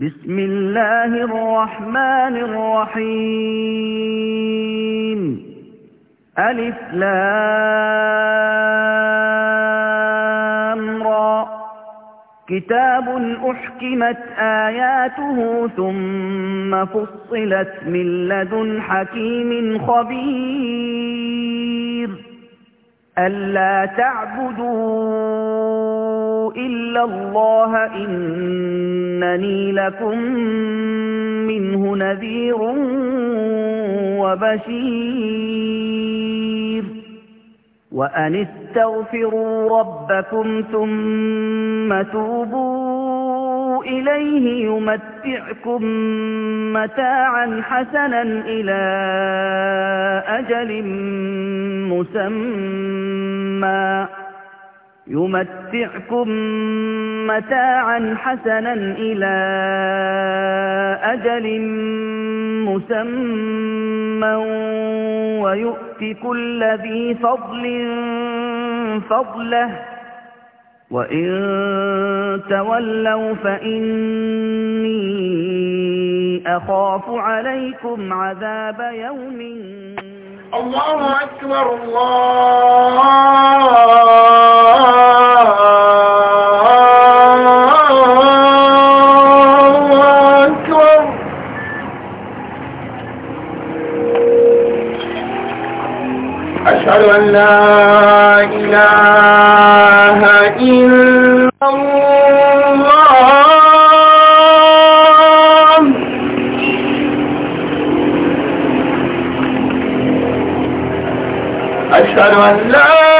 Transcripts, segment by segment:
بسم الله الرحمن الرحيم ألف لام را كتاب أحكمت آياته ثم فصلت من لدن حكيم خبير ألا تعبدون إلا الله إنني لكم منه نذير وبشير وأن استغفروا ربكم ثم توبوا إليه يمتعكم متاعا حسنا إلى أجل مسمى يمتعكم متاعا حسنا إلى أجل مسمى ويؤت كل ذي فضل فضله وإن تولوا فإني أخاف عليكم عذاب يوم الله أكبر الله أكبر أشهد أن لا أشهد أن لا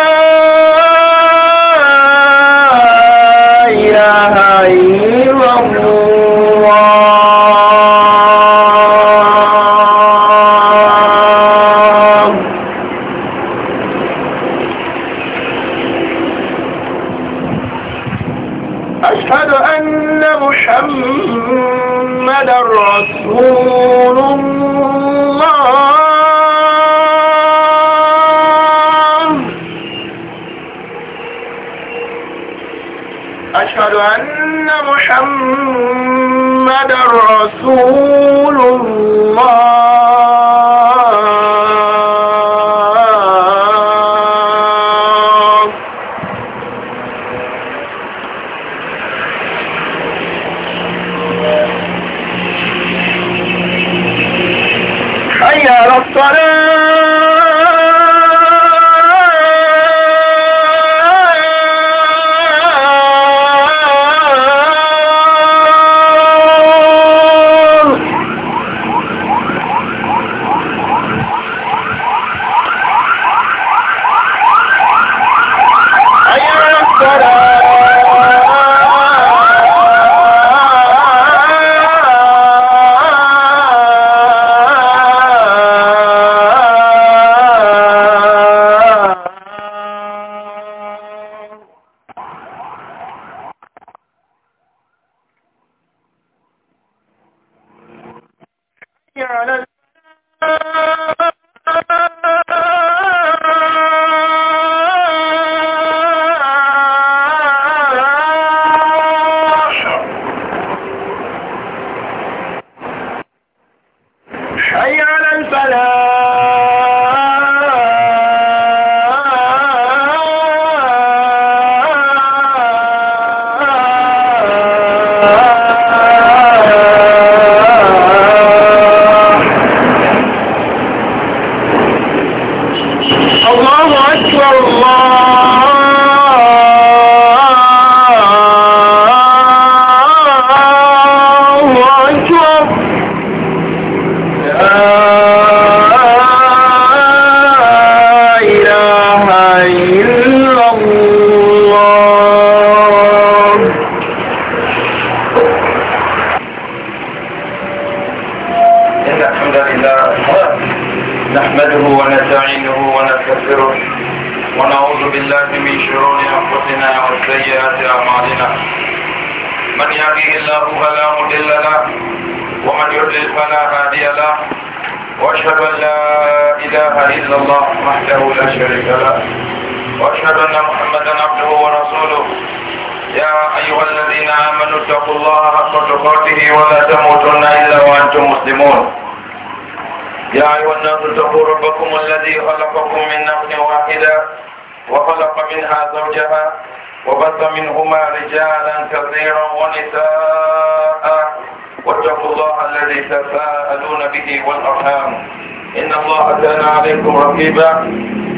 عليكم رقيبا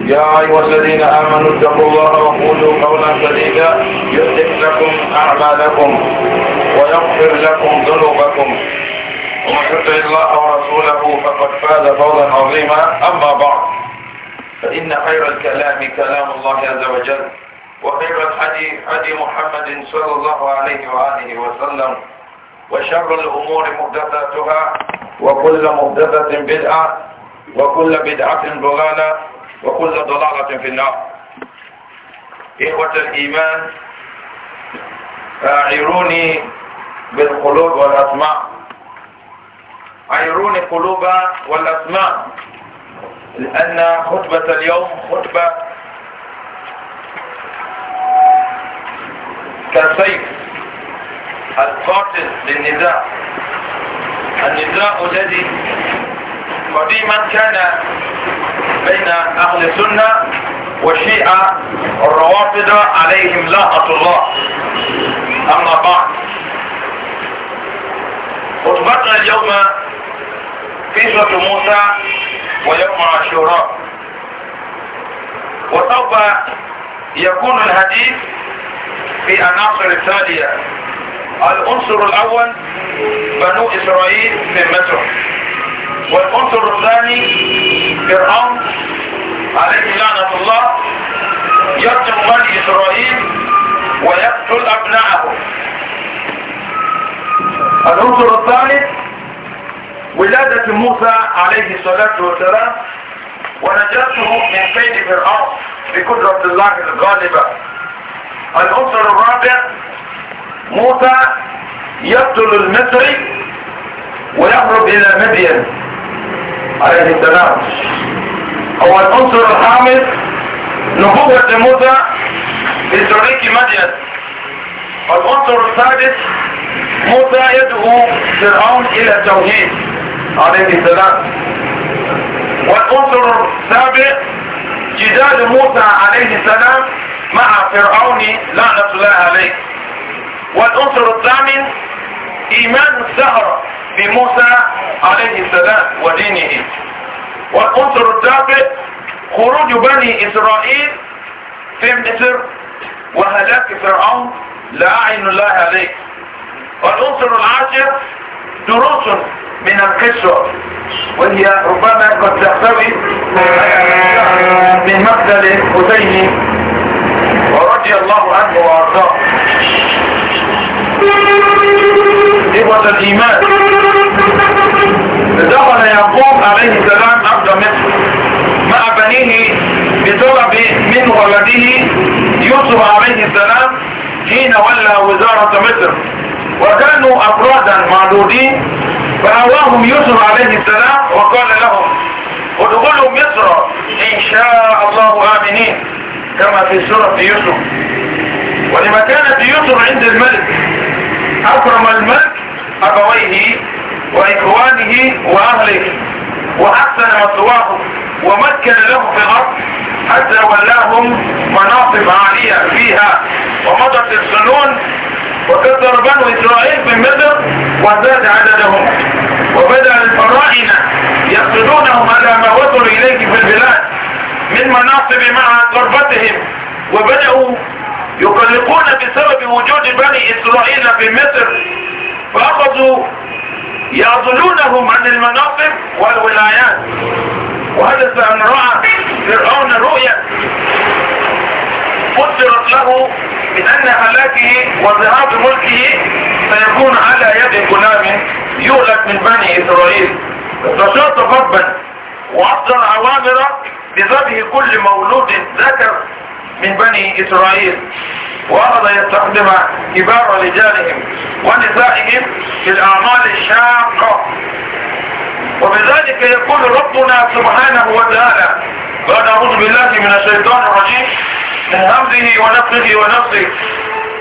يا أيها الذين آمنوا اتقوا الله وقولوا قولا سديدا يصلح لكم أعمالكم ويغفر لكم ذنوبكم ومن يطع الله ورسوله فقد فاز فوزا عظيما أما بعد فإن خير الكلام كلام الله عز وجل وخير الحدي حدي محمد صلى الله عليه وآله وسلم وشر الأمور محدثاتها وكل محدثة بدعة وكل بدعة ضلالة وكل ضلالة في النار إخوة الإيمان أعيروني بالقلوب والأسماء أعيروني قلوب والأسماء لأن خطبة اليوم خطبة كالسيف القاتل للنزاع النزاع الذي قديما كان بين أهل السنة والشيعة الروافض عليهم لعنة الله أما بعد خطبتنا اليوم في سورة موسى ويوم عاشوراء وسوف يكون الحديث في عناصر التالية العنصر الأول بنو إسرائيل من مصر والقنصل الرباني فرعون عليه لعنة الله يرجم بني إسرائيل ويقتل أبنائهم العنصر الثالث ولادة موسى عليه الصلاة والسلام ونجاته من كيد فرعون بقدرة الله الغالبة العنصر الرابع موسى يقتل المصري ويهرب إلى مدين عليه السلام هو الأنصر الخامس نبوة لموسى في طريق مدين والأنصر السادس موسى يدعو فرعون إلى التوحيد عليه السلام والعنصر السابع جدال موسى عليه السلام مع فرعون لعنة الله عليه والعنصر الثامن إيمان السهرة بموسى عليه السلام ودينه والأنصر الثابت خروج بني إسرائيل في مصر وهلاك فرعون لأعين الله عليك والأنصر العاشر دروس من القصة وهي ربما قد تحتوي من مقتل حسين ورضي الله عنه وارضاه إخوة الإيمان دخل يعقوب عليه السلام عبد مصر مع بنيه بطلب من ولده يوسف عليه السلام حين ولى وزارة مصر وكانوا أفرادا معدودين فأواهم يوسف عليه السلام وقال لهم ادخلوا مصر إن شاء الله آمنين كما في سورة يوسف ولما كانت يوسف عند الملك أكرم الملك أبويه وإخوانه وأهله وأحسن مثواه ومكن له في الأرض حتى ولاهم مناصب عالية فيها ومضت السنون وكثر بنو إسرائيل في مصر وزاد عددهم وبدأ الفراعنة يقصدونهم على ما وصلوا إليه في البلاد من مناصب مع قربتهم وبدأوا يقلقون بسبب وجود بني إسرائيل في مصر فأخذوا يعضلونهم عن المناصب والولايات وهذا أن رأى فرعون رؤيا قدرت له بأن هلاكه وذهاب ملكه سيكون على يد غلام يؤلك من بني إسرائيل فشاط فبا وأصدر أوامر بذبح كل مولود ذكر من بني إسرائيل وأرض يستخدم كبار رجالهم ونسائهم في الأعمال الشاقة وبذلك يقول ربنا سبحانه وتعالى وأنا أعوذ بالله من الشيطان الرجيم من همزه ونفسه ونفسه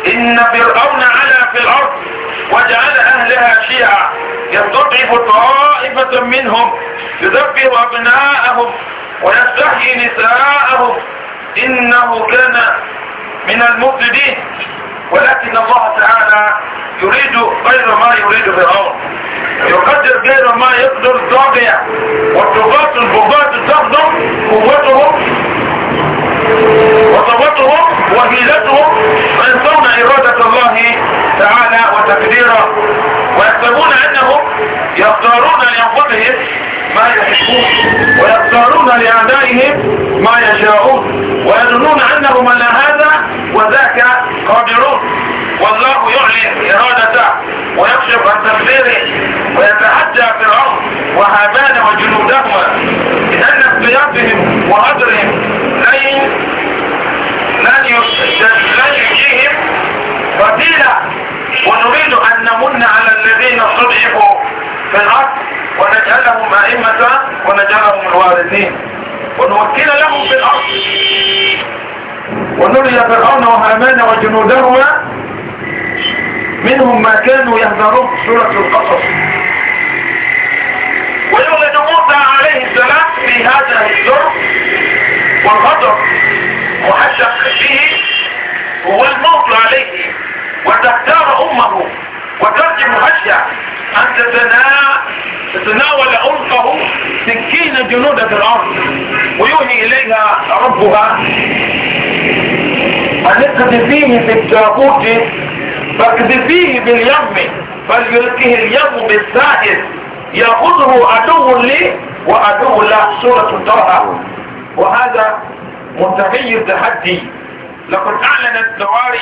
إن فرعون علا في الأرض وجعل أهلها شيعا يستضعف طائفة منهم يذبح أبناءهم ويستحيي نساءهم إنه كان من المفسدين ولكن الله تعالى يريد غير ما يريد فرعون يقدر غير ما يقدر الطابع والطغاة البغاة تخدم قوتهم وطغتهم وهيلتهم ينسون إرادة الله تعالى وتقديره ويحسبون أنهم يختارون لأنفسهم ما يحبون ويختارون لأعدائهم ما يشاءون ويظنون أنهم على هذا وذاك قادرون والله يعلن إرادته ويكشف عن تقديره ويتحدى فرعون وهابان وجنودهما لأن اختيارهم وهدرهم لن لن يجيهم فتيلة ونريد أن نمن على الذين صدقوا في ونجعلهم أئمة ونجعلهم الوارثين ونوكل لهم في الأرض ونري فرعون وهامان وجنودهما منهم ما كانوا يهذرون سورة القصص ويولد موسى عليه السلام في هذا الجرم والغدر محشق به هو الموت عليه وتختار أمه وترجم هشيا أن تتناول عنقه سكين جنود في الأرض ويوحي إليها ربها أن اقذفيه في التابوت فاقذفيه باليم فليلقه اليم بالسائل يأخذه عدو لي وعدو لا سورة طه وهذا متغير تحدي لقد أعلنت دواري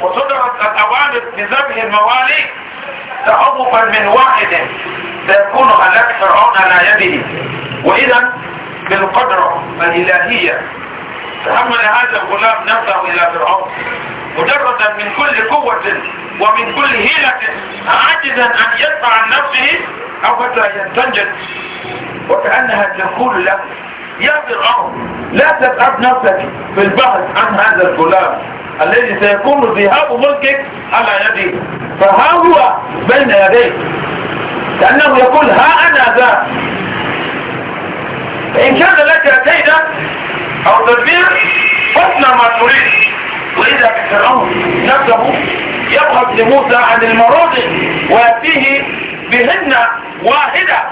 وتدرك الأوامر بذبح الموالي تعظفا من واحد سيكون هلاك فرعون على يده وإذا بالقدرة الإلهية تحمل هذا الغلام نفسه إلى فرعون مجردا من كل قوة ومن كل هيلة عاجزا أن يدفع عن نفسه أو حتى ينتجد وكأنها تقول له يا فرعون لا تتعب نفسك في البحث عن هذا الغلام الذي سيكون ذهاب ملكك على يدي فها هو بين يديك كأنه يقول ها أنا ذا فإن كان لك كيدا أو تدبير فاصنع ما تريد وإذا فرعون نفسه يبحث لموسى عن المراد ويأتيه بهن واحدة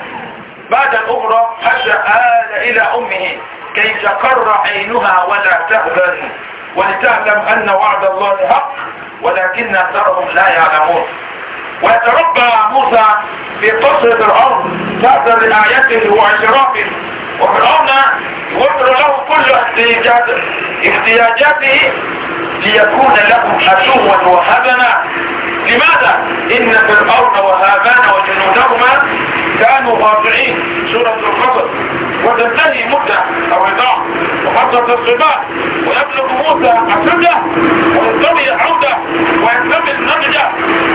بعد الأخرى حشى آل إلى أمه كي تقر عينها ولا تهزن ولتعلم أن وعد الله حق ولكن أكثرهم لا يعلمون ويتربى موسى في قصر الأرض بعد رعايته وعشرافه وفرعون يوفر له كل احتياجاته احتياجاته ليكون لهم عدوا وهبنا لماذا؟ إن فرعون وهابان وجنودهما كانوا خاضعين سورة القصر وتنتهي مدة الرضاع وفترة الصباح ويبلغ موسى السدة وينتمي العودة وينتمي النضج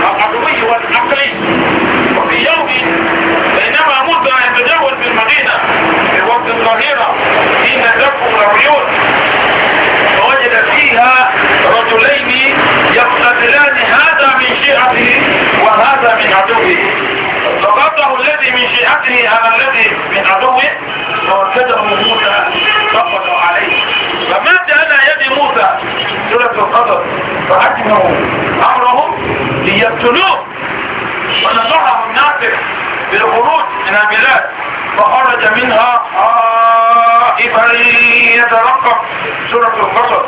العضوي والعقلي وفي يوم بينما موسى يتجول في المدينة في وقت الظهيرة حين تكفر الريوح الذي من شيعته أم الذي من عدوه فوجده موسى فقد عليه فمات على يد موسى سورة القدر فأجمعوا أمرهم ليقتلوه ونصحهم نافع بالخروج من البلاد فخرج منها خائفا يترقب سورة القصر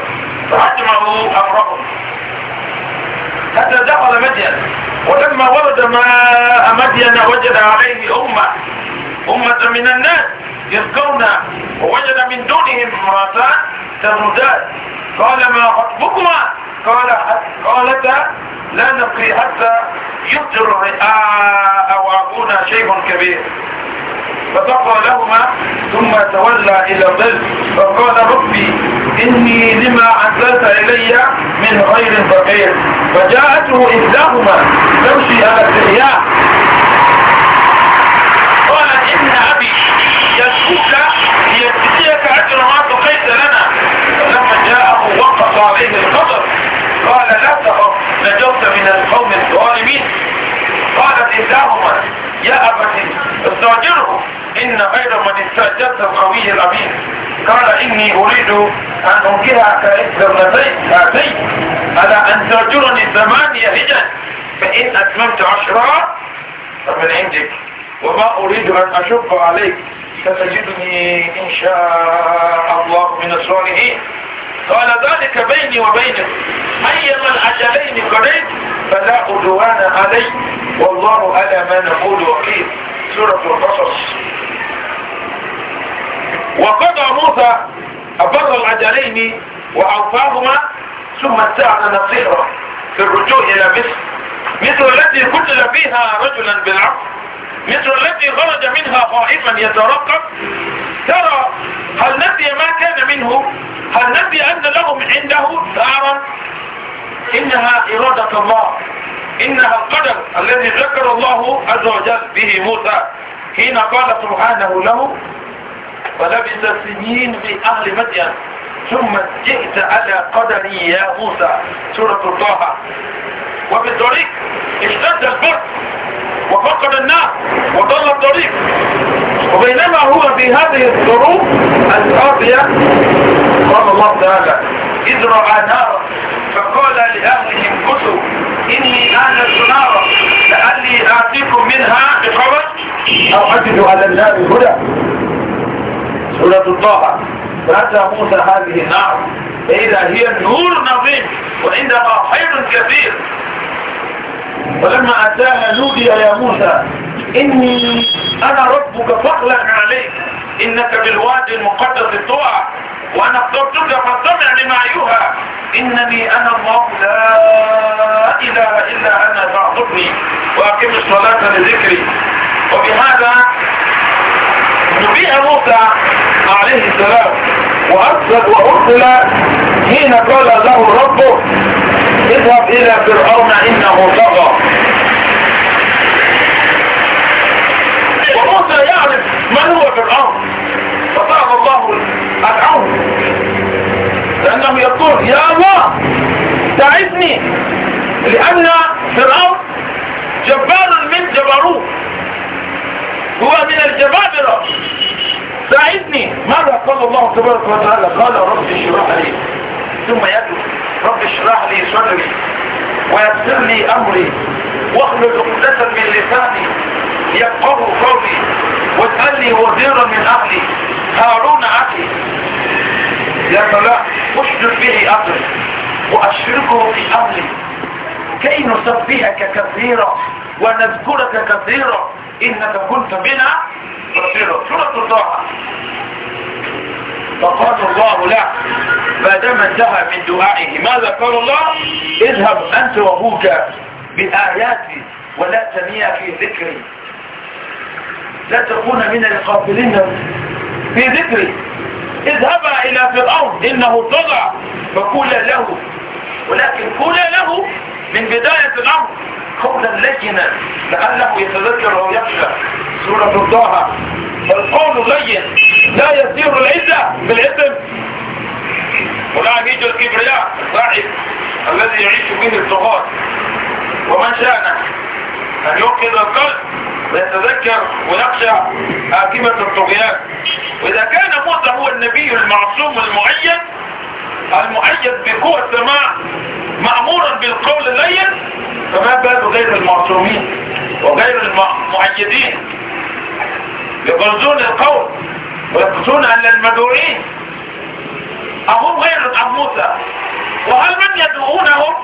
فأجمعوا أمرهم حتى دخل مدين ولما ورد ماء مدين وجد عليه أمة أمة من الناس يلقون ووجد من دونهم امرأتان تمودان قال ما خطبكما قال قالتا لا نبقي حتى يفجر رئاء أبونا شيء كبير فتقى لهما ثم تولى إلى الظل فقال ربي إني لما أنزلت إلي من غير فقير فجاءته إحداهما تمشي على الدنيا قالت إن أبي يسكت ليجزيك أجر ما بقيت لنا فلما جاءه وقف عليه القدر قال لا تخف نجوت من القوم الظالمين قالت إحداهما يا أبتي استأجره إن غير من استأجرت القوي الأمين قال إني أريد أن أنكحك إحدى هاتين على أن تأجرني ثمانية هجا فإن أتممت عشرة فمن عندك وما أريد أن أشق عليك ستجدني إن شاء الله من الصالحين قال ذلك بيني وبينك أيما الأجلين قضيت فلا عدوان علي والله على ما نقول وكيل سورة القصص وقضى موسى أبر الأجلين وأوفاهما ثم استعن نصيره في الرجوع إلى مصر مثل التي قتل فيها رجلا بالعقل مثل التي خرج منها خائفا يترقب ترى هل نسي ما كان منه هل نسي أن لهم عنده دارا إنها إرادة الله إنها القدر الذي ذكر الله عز وجل به موسى حين قال سبحانه له ولبث سنين في أهل مدين ثم جئت على قدري يا موسى سورة طه وفي الطريق اشتد البرد وفقد الناس وضل الطريق وبينما هو في هذه الظروف القاضية قال الله تعالى إذ رأى نارا فقال لأهلهم كتوا إني آنس نارا لعلي آتيكم منها بخبر أو أجد على النار هدى سورة الطاعة فأتى موسى هذه النار فإذا هي نور نظيم وعندها خير كبير ولما أتاها نودي يا موسى إني أنا ربك فخلا عليك إنك بالوادي المقدس طوع وأنا اخترتك فاستمع لما أيها إنني أنا الله لا إله إلا أنا فاعبدني وأقم الصلاة لذكري وبهذا نبيع موسى عليه السلام وأرسل وأرسل حين قال له ربه اذهب الى فرعون انه طغى وموسى يعرف من هو فرعون فطاب الله العون لانه يقول يا الله ساعدني لان فرعون جبار من جبروت هو من الجبابرة ساعدني ماذا قال الله تبارك وتعالى قال رب اشرح لي ثم يدعو رب اشرح لي صدري ويسر لي أمري واخلل عقدة من لساني يفقه قولي واسال لي وزيرا من أهلي هارون أخي يا صلاح اشدد به أمري وأشركه في أمري كي نسبحك كثيرا ونذكرك كثيرا إنك كنت بنا بصيرا سورة الضاحة فقال الله له بعدما انتهى من دعائه ماذا قال الله اذهب أنت وابوك بآياتي ولا تنيا في ذكري لا تكون من القافلين في ذكري اذهبا إلى فرعون إنه طغى فقولا له ولكن قولا له من بداية الأمر قولا لينا لأنه يتذكر أو يخشى سورة الضوحة فالقول لين لا يسير العزة بالإثم ولا يجي الكبرياء الضعيف الذي يعيش به الضغار ومن شأنه أن يوقظ القلب ويتذكر ويخشى آكمة الطغيان وإذا كان موسى هو النبي المعصوم المعين المؤيد بقوة السماع مأمورا بالقول اللين فما بال غير المعصومين وغير المؤيدين يبرزون القول ويقصون على المدعوين أهم غير أم موسى وهل من يدعونهم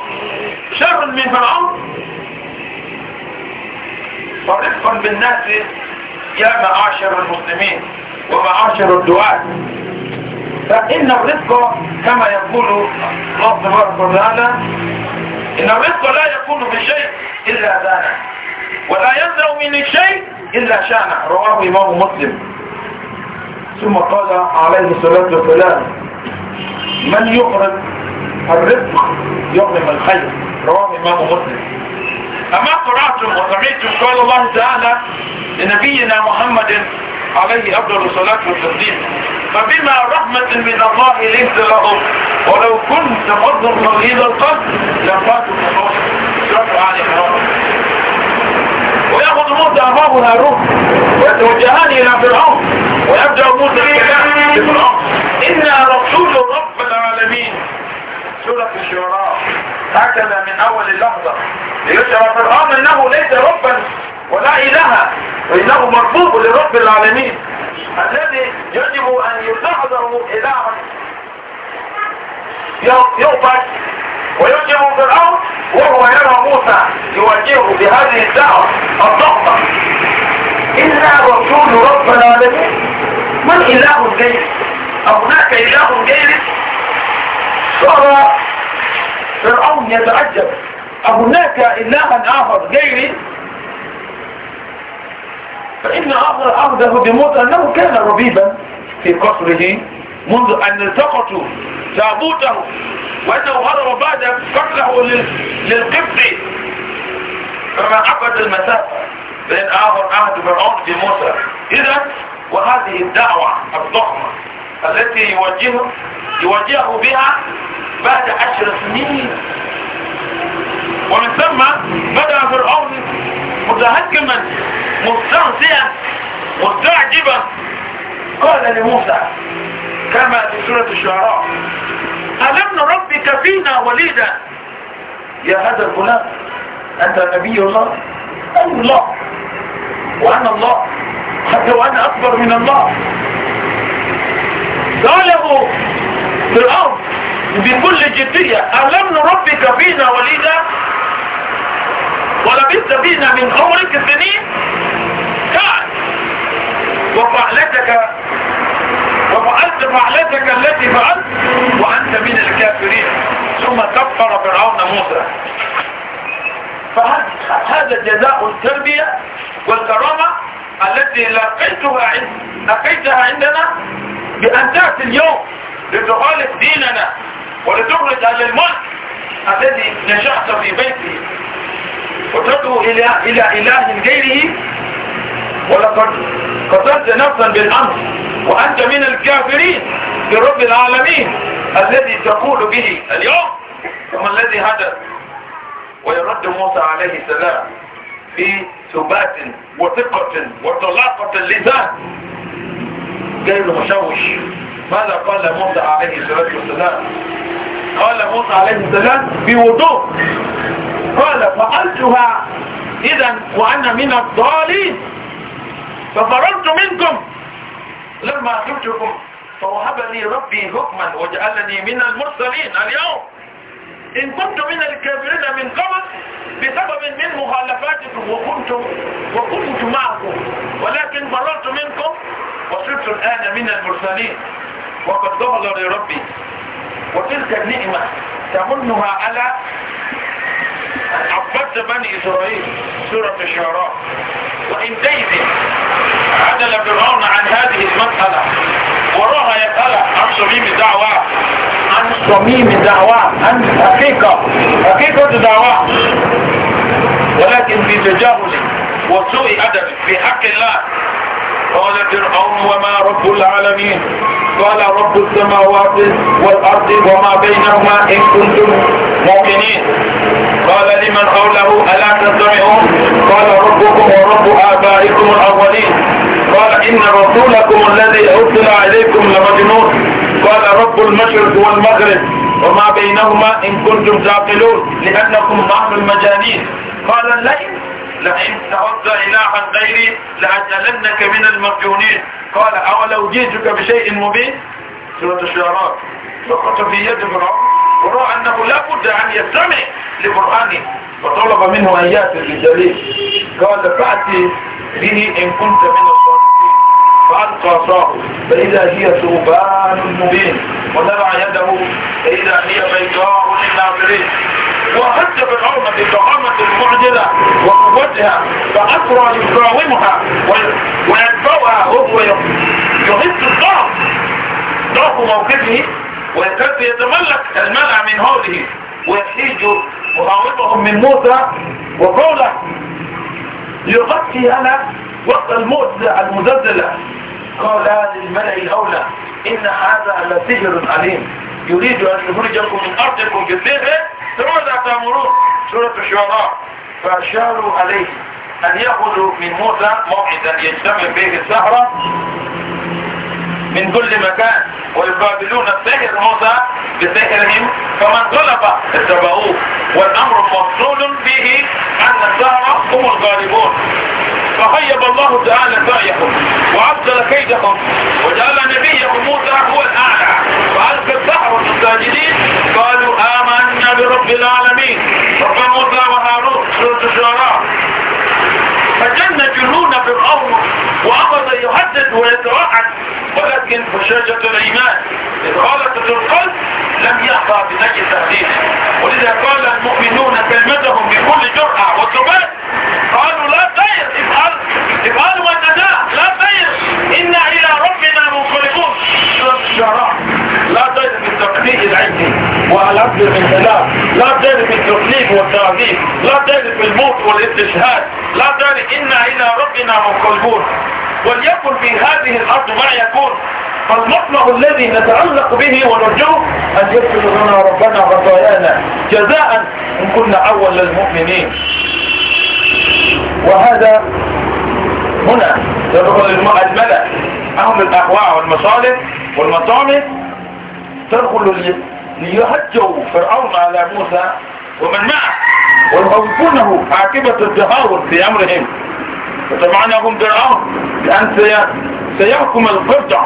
شر من فرعون فرفقا بالناس يا معاشر المسلمين ومعاشر الدعاة فإن الرزق كما يقول الله تبارك وتعالى إن الرزق لا يكون بشيء إلا ذلك ولا يزرع من شيء إلا شانه رواه إمام مسلم ثم قال عليه الصلاة والسلام من يخرج الرزق يغنم الخير رواه إمام مسلم أما قرأتم وسمعتم قال الله تعالى لنبينا محمد عليه أفضل الصلاة والتسليم فبما رحمة من الله لنت لهم ولو كنت فضلا مغيظ القلب لم فاتوا الخوف شرف على ويأخذ موسى أخاه هارون ويتوجهان إلى فرعون ويبدأ موسى الكلام فرعون إنا رسول رب العالمين سورة الشعراء هكذا من أول اللحظة ليشعر فرعون أنه ليس ربا ولا إله إنه مرفوض لرب العالمين الذي يجب أن يستحضر إلها يوبك ويجب فرعون وهو يرى موسى يواجهه بهذه الدعوة الضغطة إلا رسول رب العالمين من إله غير هناك إله غير صار فرعون يتعجب أهناك إلها آخر غيري فإن أخذه بموت أنه كان ربيبا في قصره منذ أن التقطوا تابوته وأنه هرب بعد قتله للقبط فما عبد المسافة بين آخر عهد فرعون في موسى إذا وهذه الدعوة الضخمة التي يوجهه يوجهه بها بعد عشر سنين ومن ثم بدأ فرعون متهكما مستنسيا مستعجبا قال لموسى كما في سورة الشعراء ألم نربك فينا وليدا يا هذا الغلام أنت نبي الله أنا الله وأنا الله حتى وأنا أكبر من الله قاله في الأرض بكل جدية ألم نربك فينا وليدا ولبثت فينا من عمرك سنين تعال وفعلتك وفعلت فعلتك التي فعلت وأنت من الكافرين ثم كفر فرعون موسى فهل هذا جزاء التربية والكرامة التي لقيتها لقيتها عندنا بأن تأتي اليوم لتخالف ديننا ولتخرج عن الملك الذي نشأت في بيته وتدعو إلى, إلى إله غيره ولقد قتلت نفسا بالأمر وأنت من الكافرين برب العالمين الذي تقول به اليوم ثم الذي هدر ويرد موسى عليه السلام في ثبات وثقة وطلاقة اللسان غير مشوش ماذا قال موسى عليه الصلاة والسلام قال موسى عليه السلام بوضوح قال فعلتها إذا وأنا من الضالين ففررت منكم لما خفتكم فوهب لي ربي حكما وجعلني من المرسلين اليوم إن كنت من الكافرين من قبل بسبب من مخالفاتكم وكنت وكنت معكم ولكن فررت منكم وصرت الآن من المرسلين وقد ظهر لربي وتلك النعمة تمنها على عبدت بني إسرائيل سورة الشعراء وإن تيزي عدل فرعون عن هذه المسألة وراها يسألة عن صميم الدعوة عن صميم الدعوة عن حقيقة حقيقة الدعوة ولكن في تجاهل وسوء أدب في حق الله قال فرعون وما رب العالمين قال رب السماوات والأرض وما بينهما إن كنتم مؤمنين قال لمن حوله ألا تستمعون قال ربكم ورب آبائكم الأولين قال إن رسولكم الذي أرسل عليكم لمجنون قال رب المشرق والمغرب وما بينهما إن كنتم تعقلون لأنكم بعض المجانين قال لئن لئن تعد إلها غيري لأجعلنك من المرجونين قال أولو جئتك بشيء مبين سورة الشعراء سقط في يد امرأة ورأى أنه لا بد أن يستمع لقرآنه فطلب منه أن يأتي بجليل قال فأتي به إن كنت من الصادقين فألقى صاه فإذا هي ثوبان مبين ونرى يده فإذا هي بيضاء للناظرين وهد فرعون بضخامة المعجزة وقوتها فأسرى يقاومها ويدفعها وهو يحس الضعف ضعف موقفه ويكاد يتملك المنع من هوله ويحيج مراوضهم من موسى وقوله يغطي أنا وقت الموت المزلزلة قال للملأ الأولى إن هذا لسجر عليم يريد أن يخرجكم من أرضكم بالسحر ثم لا تأمرون سورة الشعراء فأشاروا عليه أن يأخذوا من موسى موعدا يجتمع به السحرة من كل مكان ويقابلون السحر موسى بسحرهم فمن غلب اتبعوه والأمر مفصول به أن الزهر هم الغالبون فخيب الله تعالى سعيكم وعبدل كيدكم وجعل نبيكم موسى هو الأعلى فألقى الزهر الساجدين قالوا آمنا برب العالمين رب موسى وهارون سورة الشعراء فجن جنون فرعون وأخذ يهدد ويتوعد ولكن بشاجة الإيمان إذ غلطت القلب لم يحظى بأي تهديد ولذا قال المؤمنون كلمتهم بكل جرأة وثبات قالوا لا تير افعل افعل والنداء لا تير إنا إلى ربنا منقلبون شرع لا تير من تقنيه وعلى الانقلاب لا تاني في التكليف والتعذيب لا تاني في الموت والاستشهاد لا تاني إنا إلى ربنا منقلبون وليكن في هذه الأرض ما يكون فالمطمع الذي نتعلق به ونرجوه أن يغفر لنا ربنا خطايانا جزاء إن كنا أول للمؤمنين وهذا هنا يدخل الملأ أهم الأهواء والمصالح والمطامع تدخل ليهجوا فرعون على موسى ومن معه ويخوفونه عاقبة التهاون في أمرهم فطبعا فرعون لأن سيحكم القرجع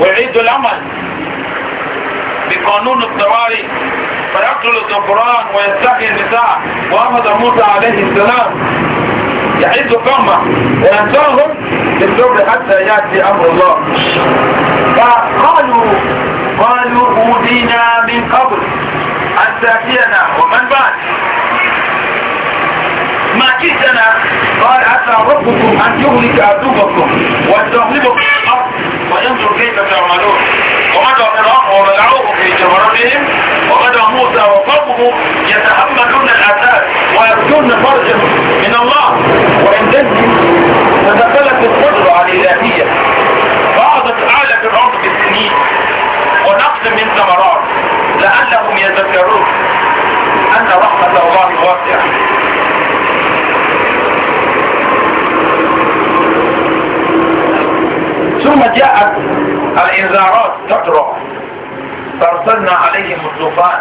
ويعيد العمل بقانون الضراري فيقتل الغفران ويستحي النساء وأخذ موسى عليه السلام يعيد قامة وينساهم بالذكر حتى يأتي أمر الله فقالوا قالوا أوذينا من قبل أن تأتينا ومن بعد ما جئتنا قال عسى ربكم أن يهلك عدوكم في الأرض وينظر كيف تعملون ومدى فرعون وبلعوه في جمرتهم ومدى موسى وقومه يتحملون الاثار ويرجون فرجا من الله وإن ذلك تدخلت القدرة على الإلهية بعضت أعلى فرعون بالسنين أخذ من ثمرات لعلهم يذكرون أن رحمة الله واسعة ثم جاءت الإنذارات تقرأ فارسلنا عليهم الطوفان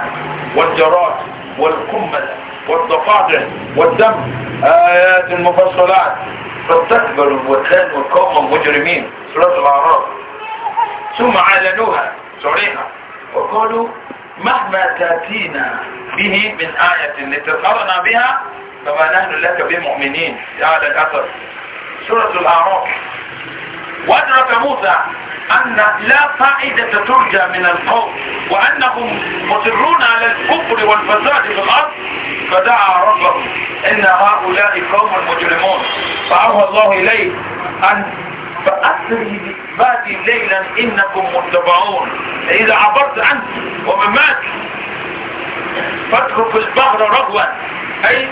والجراد والقمل والضفادع والدم آيات المفصلات فاستكبروا وكانوا قوما مجرمين سورة الأعراف ثم أعلنوها صريحة وقالوا مهما تأتينا به من آية لتظهرنا بها فما نحن لك بمؤمنين يا على الأثر سورة الأعراف وأدرك موسى أن لا فائدة ترجى من القوم وأنهم مصرون على الكفر والفساد في الأرض فدعا ربه إن هؤلاء قوم مجرمون فأوهى الله إليه أن فأسري بادي ليلا إنكم متبعون إذا عبرت عنه ومن مات فاترك البحر رغوا أي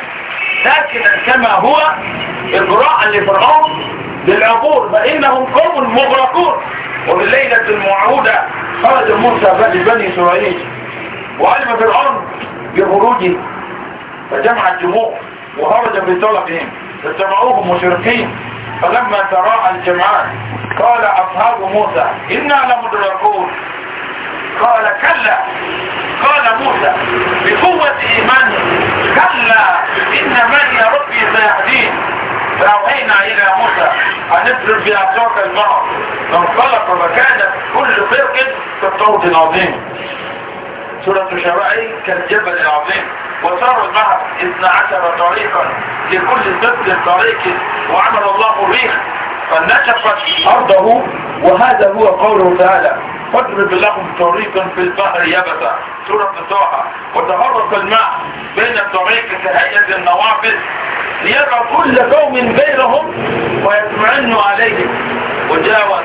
ساكنا كما هو إجراء لفرعون للعبور فإنهم قوم مغرقون وبالليلة الليلة الموعودة خرج موسى بني إسرائيل وعلم فرعون بخروجه فجمع الجموع وخرج بطلقهم فاتبعوهم مشركين فلما تراءى الجمعان قال أصحاب موسى إنا لمدركون قال كلا قال موسى بقوة إيمانه كلا إن معي ربي سيهدين فأوحينا إلى موسى أن اضرب بعصاك النار فانطلق وكانت كل فرق كالطود العظيم سورة شرعي كالجبل العظيم وسار البحر اثنى عشر طريقا لكل سد طريق وعمل الله الريح فنشفت أرضه وهذا هو قوله تعالى فاضرب لهم طريقا في البحر يبسا سورة طه وتفرق الماء بين الطريق كهيئة النوافذ ليرى كل قوم بينهم ويطمئن عليهم وجاوز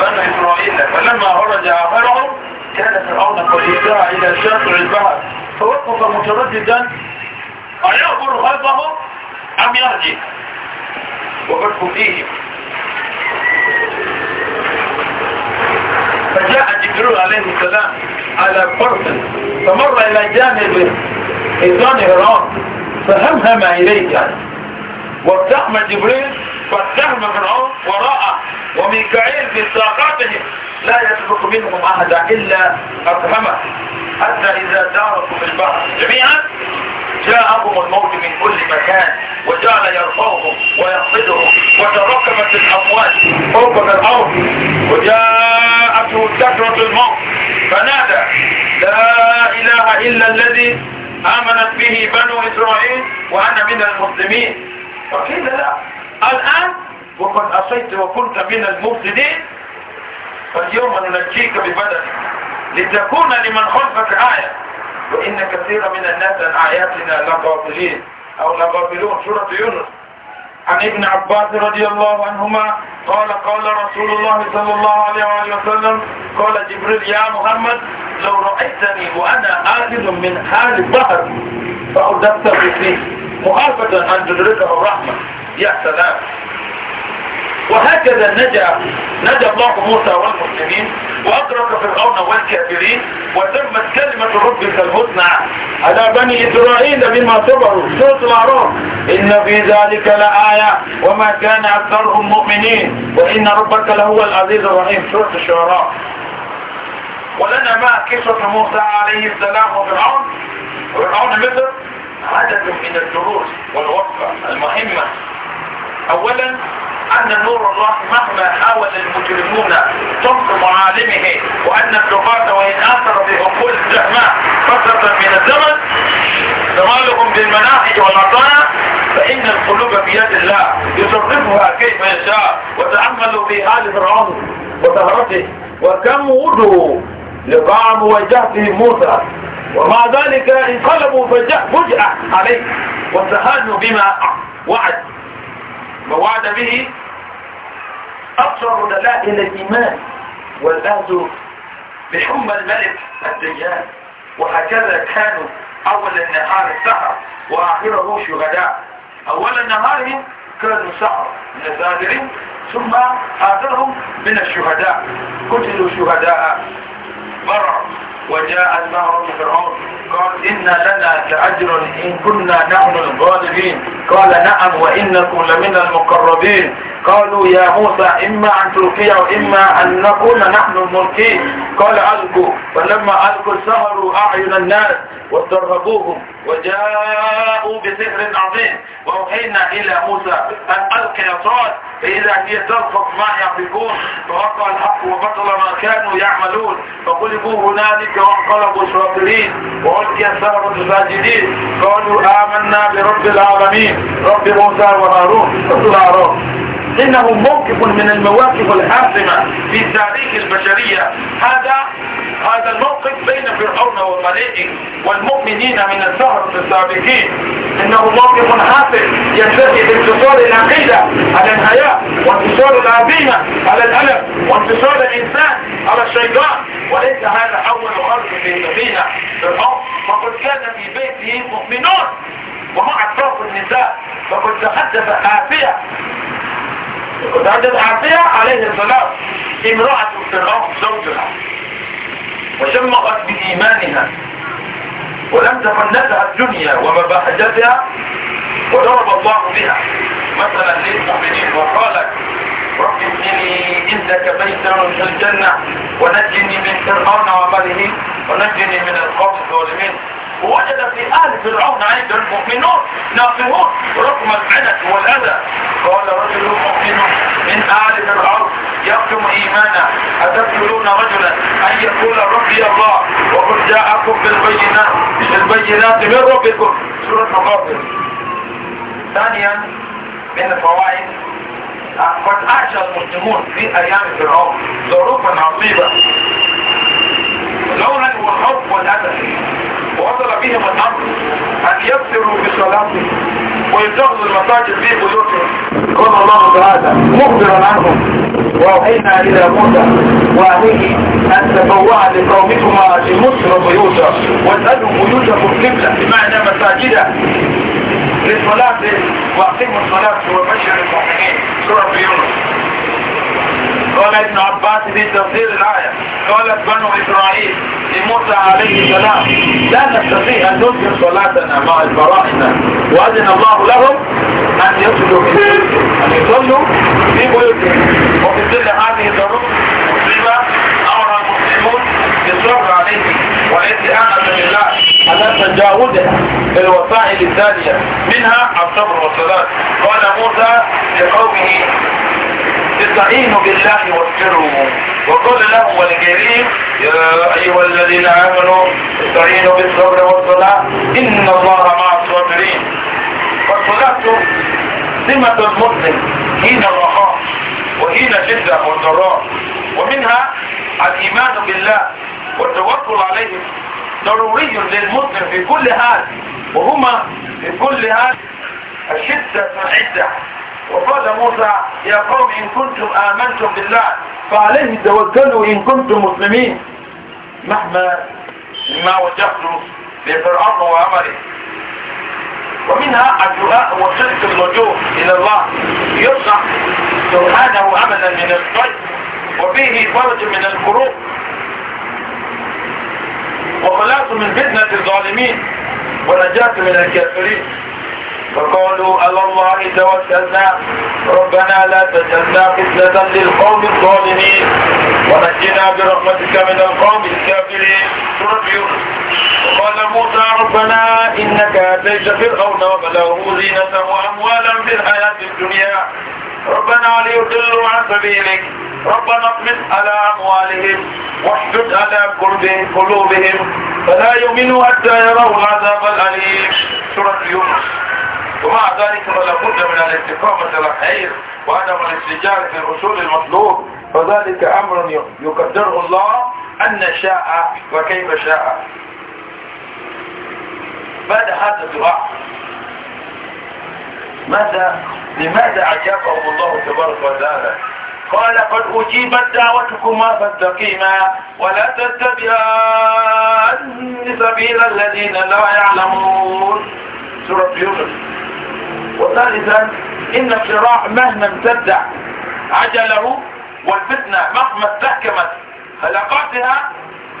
بنو إسرائيل فلما هرج آخرهم كان فرعون قد ابتاع إلى شاطئ البحر فوقف مترددا ايعبر غضبه أم يهدي وقد فيهم فجاء جبريل عليه السلام على فرس فمر إلى جانب إذان فرعون فهمهم إليك واقتحم جبريل فاقتحم فرعون وراءه وميكائيل في ساقاته لا يسلك منهم أحد إلا أفهمه حتى إذا داركوا في البحر جميعا جاءهم الموت من كل مكان وجعل يرفعهم ويحفظهم وتركبت الأموات فوق الأرض وجاءته سكرة الموت فنادى لا إله إلا الذي آمنت به بنو إسرائيل وأنا من المسلمين فقيل لا الآن وقد أصيت وكنت من المفسدين فاليوم ننجيك ببدنك لتكون لمن خلفك آية وإن كثيرا من الناس عن آياتنا لغافلين أو لغافلون سورة يونس عن ابن عباس رضي الله عنهما قال قال رسول الله صلى الله عليه وسلم قال جبريل يا محمد لو رأيتني وأنا آخر من حال البحر فأدفت بك مخالفة أن تدركه الرحمة يا سلام وهكذا نجا نجا الله موسى والمسلمين وأدرك فرعون والكافرين وتمت كلمة ربك الحسنى على بني إسرائيل بما صبروا سورة الأعراف إن في ذلك لآية وما كان أكثرهم مؤمنين وإن ربك لهو العزيز الرحيم سورة الشعراء ولنا ما قصة موسى عليه السلام وفرعون وفرعون مصر عدد من الدروس والوقفة المهمة أولا أن نور الله مهما حاول المجرمون طمس معالمه وأن اللغات وإن آثر بعقول الزعماء فترة من الزمن زمالهم بالمناهج والعطانة فإن القلوب بيد الله يصرفها كيف يشاء وتأملوا في حال فرعون وطهرته وكم وجهوا لطعم وجهته موسى ومع ذلك انقلبوا فجأة عليه وسهانوا بما وعد ووعد به أكثر دلائل الإيمان والأهد بحمى الملك الدجال وهكذا كانوا أول النهار السحر وآخره شهداء أول نهارهم كانوا سحر من الزادرين ثم آخرهم من الشهداء قتلوا شهداء مرة وجاء معهم فرعون قال إن لنا لأجرا إن كنا نحن الغالبين قال نعم وإنكم لمن المقربين قالوا يا موسى إما أن تلقي وإما أن نكون نحن الملكين قال ألقوا فلما ألقوا سهروا أعين الناس واسترهبوهم وجاءوا بسحر عظيم وأوحينا إلى موسى أن ألقي عصاك فإذا هي تلفظ ما يعرفون فوقع الحق وبطل ما كانوا يعملون فقلبوا هنالك وانقلبوا شاطرين وألقي السحرة ساجدين قالوا آمنا برب العالمين رب موسى وهارون آه، رب الأعراف إنه موقف من المواقف الحاسمة في تاريخ البشرية هذا هذا الموقف بين فرعون وملئه والمؤمنين من السهر السابقين إنه موقف حاسم ينتهي بانتصار العقيدة على الحياة وانتصار العزيمة على الألم وانتصار الإنسان على الشيطان وليس هذا أول غرب في المدينة فرعون فقد كان في بيته مؤمنون ومع اطراف النساء فقد تحدث آفية وتعدد أعطية عليه الثلاث امرأة فرعون زوجها وشمقت بإيمانها ولم تفنتها الدنيا ومباحثتها وضرب الله بها مثلا للمؤمنين وقالت رب ابنني عندك بيتا في الجنة ونجني من فرعون وعمله ونجني من القوم الظالمين ووجد في اهل فرعون عند المؤمنون ناقمون رغم العنف والاذى قال رجل مؤمن من اهل فرعون يقدم ايمانا اتقتلون رجلا ان يقول ربي الله وقد جاءكم بالبينات بالبينات من ربكم سوره مقابل ثانيا من الفوائد قد عاش المسلمون في ايام فرعون ظروفا عصيبه لولا والحب والاذى وصل بهم الأمر أن يبصروا بصلاتهم ويتخذوا المساجد في بيوتهم قال الله تعالى مخبرا عنهم وأوحينا إلى موسى وأبيه أن تبوع لقومكما لمصر بيوتا واسألوا بيوتكم قبلة بمعنى مساجدا للصلاة وأقيموا الصلاة وبشر المؤمنين سورة يونس قال ابن عباس في تفسير الآية قالت بنو إسرائيل لموسى عليه السلام لا نستطيع أن نسجد صلاتنا مع الفرائض وأذن الله لهم أن يسجدوا أن يصلوا في بيوتهم وفي ظل هذه الظروف مسلمة أمر المسلمون بالصبر عليه والاستعانة بالله على تجاوزها بالوسائل التالية منها الصبر والصلاة قال موسى لقومه استعينوا بالله واذكروا وقل له والجليل يا أيها الذين آمنوا استعينوا بالصبر والصلاة إن الله مع الصابرين والصلاة سمة المسلم حين الرخاء وحين شدة والضراء ومنها الإيمان بالله والتوكل عليه ضروري للمسلم في كل حال وهما في كل حال الشدة والعدة وقال موسى يا قوم إن كنتم آمنتم بالله فعليه توكلوا إن كنتم مسلمين مهما ما وجهتم لفرعون وعمله ومنها الدعاء وشرك الرجوع إلى الله يصح سبحانه عملا من الطيب وفيه فرج من الكروب وخلاص من فتنة الظالمين ونجاة من الكافرين فقالوا على الله توكلنا ربنا لا تجعلنا فتنة للقوم الظالمين ونجنا برحمتك من القوم الكافرين سورة يونس وقال موسى ربنا إنك أتيت فرعون وملأه زينة وأموالا في الحياة الدنيا ربنا ليضلوا عن سبيلك ربنا اطمس على أموالهم واحدد على قلوبهم فلا يؤمنوا حتى يروا العذاب الأليم سورة يونس ومع ذلك فلا بد من الاستقامة على الخير وعدم الاستجارة في الاصول المطلوب فذلك أمر يقدره الله أن شاء وكيف شاء ماذا هذا الدعاء ماذا لماذا أجابه الله تبارك وتعالى قال قد أجيبت دعوتكما فاستقيما ولا تتبعان سبيل الذين لا يعلمون سورة يوسف وثالثا إن الصراع مهما امتد عجله والفتنة مهما استحكمت هلقاتها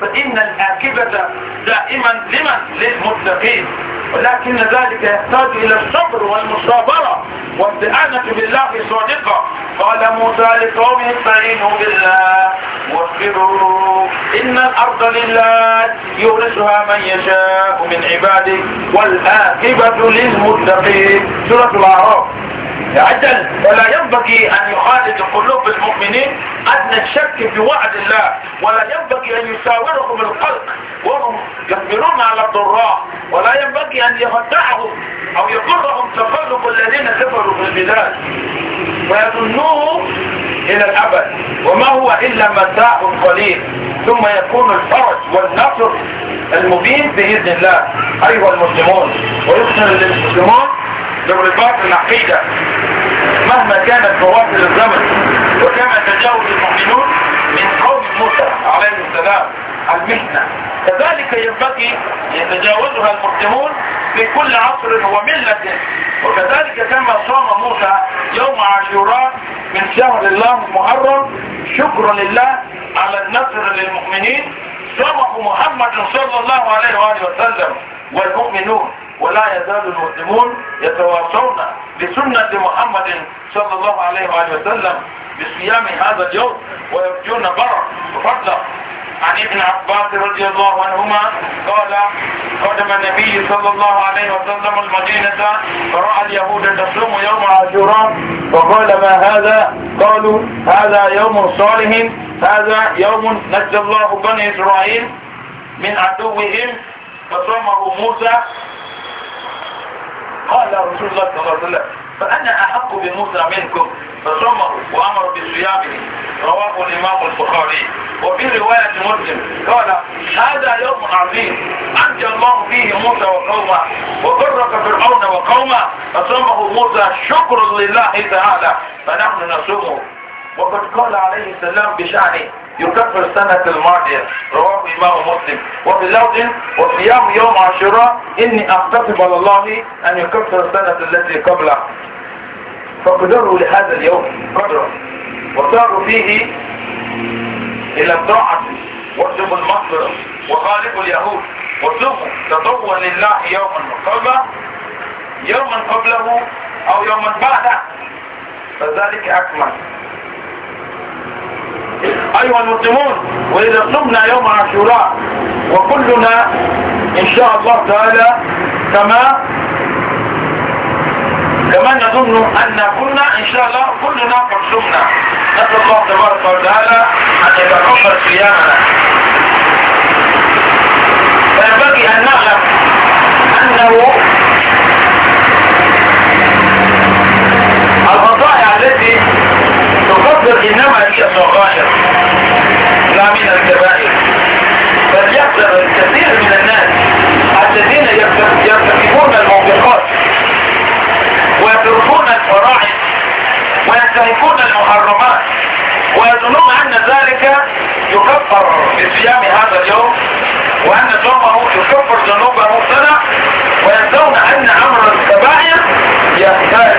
فإن العاقبة دائما لمن للمتقين ولكن ذلك يحتاج إلى الصبر والمصابرة والاستعانة بالله صادقة قال موسى لقومه استعينوا بالله واصبروا إن الأرض لله يورثها من يشاء من عباده والعاقبة للمتقين سورة الأعراف يتعجل ولا ينبغي أن يخالج قلوب المؤمنين أدنى الشك في وعد الله ولا ينبغي أن يساورهم القلق وهم يقبلون على الضراء ولا ينبغي أن يهدعهم أو يضرهم تقلب الذين كفروا في البلاد ويظنوه إلى الأبد وما هو إلا متاع قليل ثم يكون الفرج والنصر المبين بإذن الله أيها المسلمون ويحسن للمسلمون لو رجعت العقيدة مهما كانت فواصل الزمن وكما تجاوز المؤمنون من قوم موسى عليه السلام المهنة كذلك ينبغي يتجاوزها المسلمون في كل عصر وملة وكذلك كما صام موسى يوم عاشوراء من شهر الله المحرم شكرا لله على النصر للمؤمنين صامه محمد صلى الله عليه وآله وسلم والمؤمنون ولا يزال المسلمون يتواصون بسنة محمد صلى الله عليه وآله وسلم بصيام هذا اليوم ويرجون بر وفضل عن ابن عباس رضي الله عنهما قال قدم النبي صلى الله عليه وسلم المدينة فرأى اليهود تصوم يوم عاشوراء فقال ما هذا قالوا هذا يوم صالح هذا يوم نجى الله بني إسرائيل من عدوهم فصومه موسى قال رسول الله صلى الله عليه وسلم فأنا أحق بموسى منكم فصمه وأمر بصيامه رواه الإمام البخاري وفي رواية مسلم قال هذا يوم عظيم أنجى الله فيه موسى وقومه وفرق فرعون وقومه فصمه موسى شكر لله تعالى فنحن نصومه وقد قال عليه السلام بشأنه يكفر السنة الماضية رواه الإمام مسلم وفي لوض وفي يوم يوم عاشوراء إني أحتسب على الله أن يكفر السنة التي قبله فقدروا لهذا اليوم قدرا وصاروا فيه إلى الطاعة واطلبوا المغفرة وخالفوا اليهود واطلبوا تطوع لله يوما قبله يوما قبله أو يوما بعده فذلك أكمل أيها المسلمون وإذا صمنا يوم عاشوراء وكلنا إن شاء الله تعالى كما كما نظن أن كنا إن شاء الله كلنا قد صمنا نسأل الله تبارك وتعالى أن يتقبل صيامنا فينبغي أن نعلم أنه البضائع التي تقدر إنما ينتهكون المحرمات ويظنون أن ذلك يكفر بصيام هذا اليوم وأن ذنبه يكفر ذنوبه سنة وينسون أن أمر الكبائر يحتاج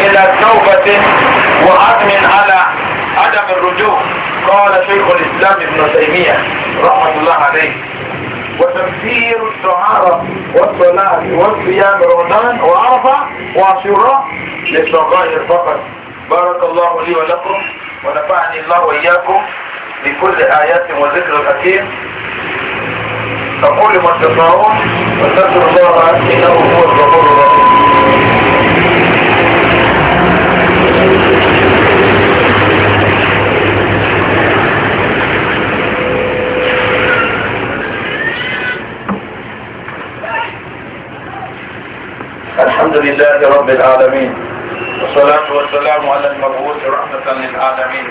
إلى توبة وعزم على عدم الرجوع قال شيخ الإسلام ابن تيمية رحمة الله عليه وتفسير الشعارة والصلاة والصيام رمضان وعرفة وعشرة للصغائر فقط بارك الله لي ولكم ونفعني الله وإياكم بكل آيات وذكر الحكيم أقول ما تسمعون وتذكر الله إنه هو الغفور الرحيم الحمد لله رب العالمين والصلاة والسلام على المبعوث رحمة للعالمين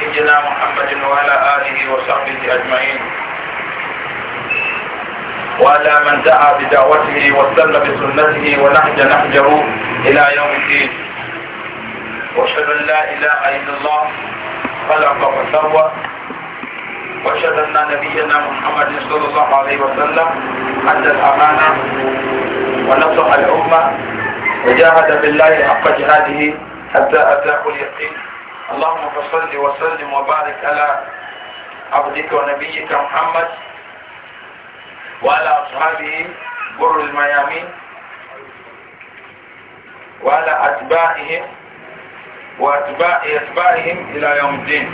سيدنا محمد وعلى آله وصحبه أجمعين وعلى من دعا بدعوته واستنى بسنته ونهج نهجه إلى يوم الدين وأشهد أن لا إله إلا الله خلق وسوى وأشهد أن نبينا محمد صلى الله عليه وسلم أدى الأمانة ونصح الأمة وجاهد بالله حق جهاده حتى أتاه اليقين اللهم فصل وسلم وبارك على عبدك ونبيك محمد وعلى أصحابه بر الميامين وعلى أتباعهم وأتباع أتباعهم إلى يوم الدين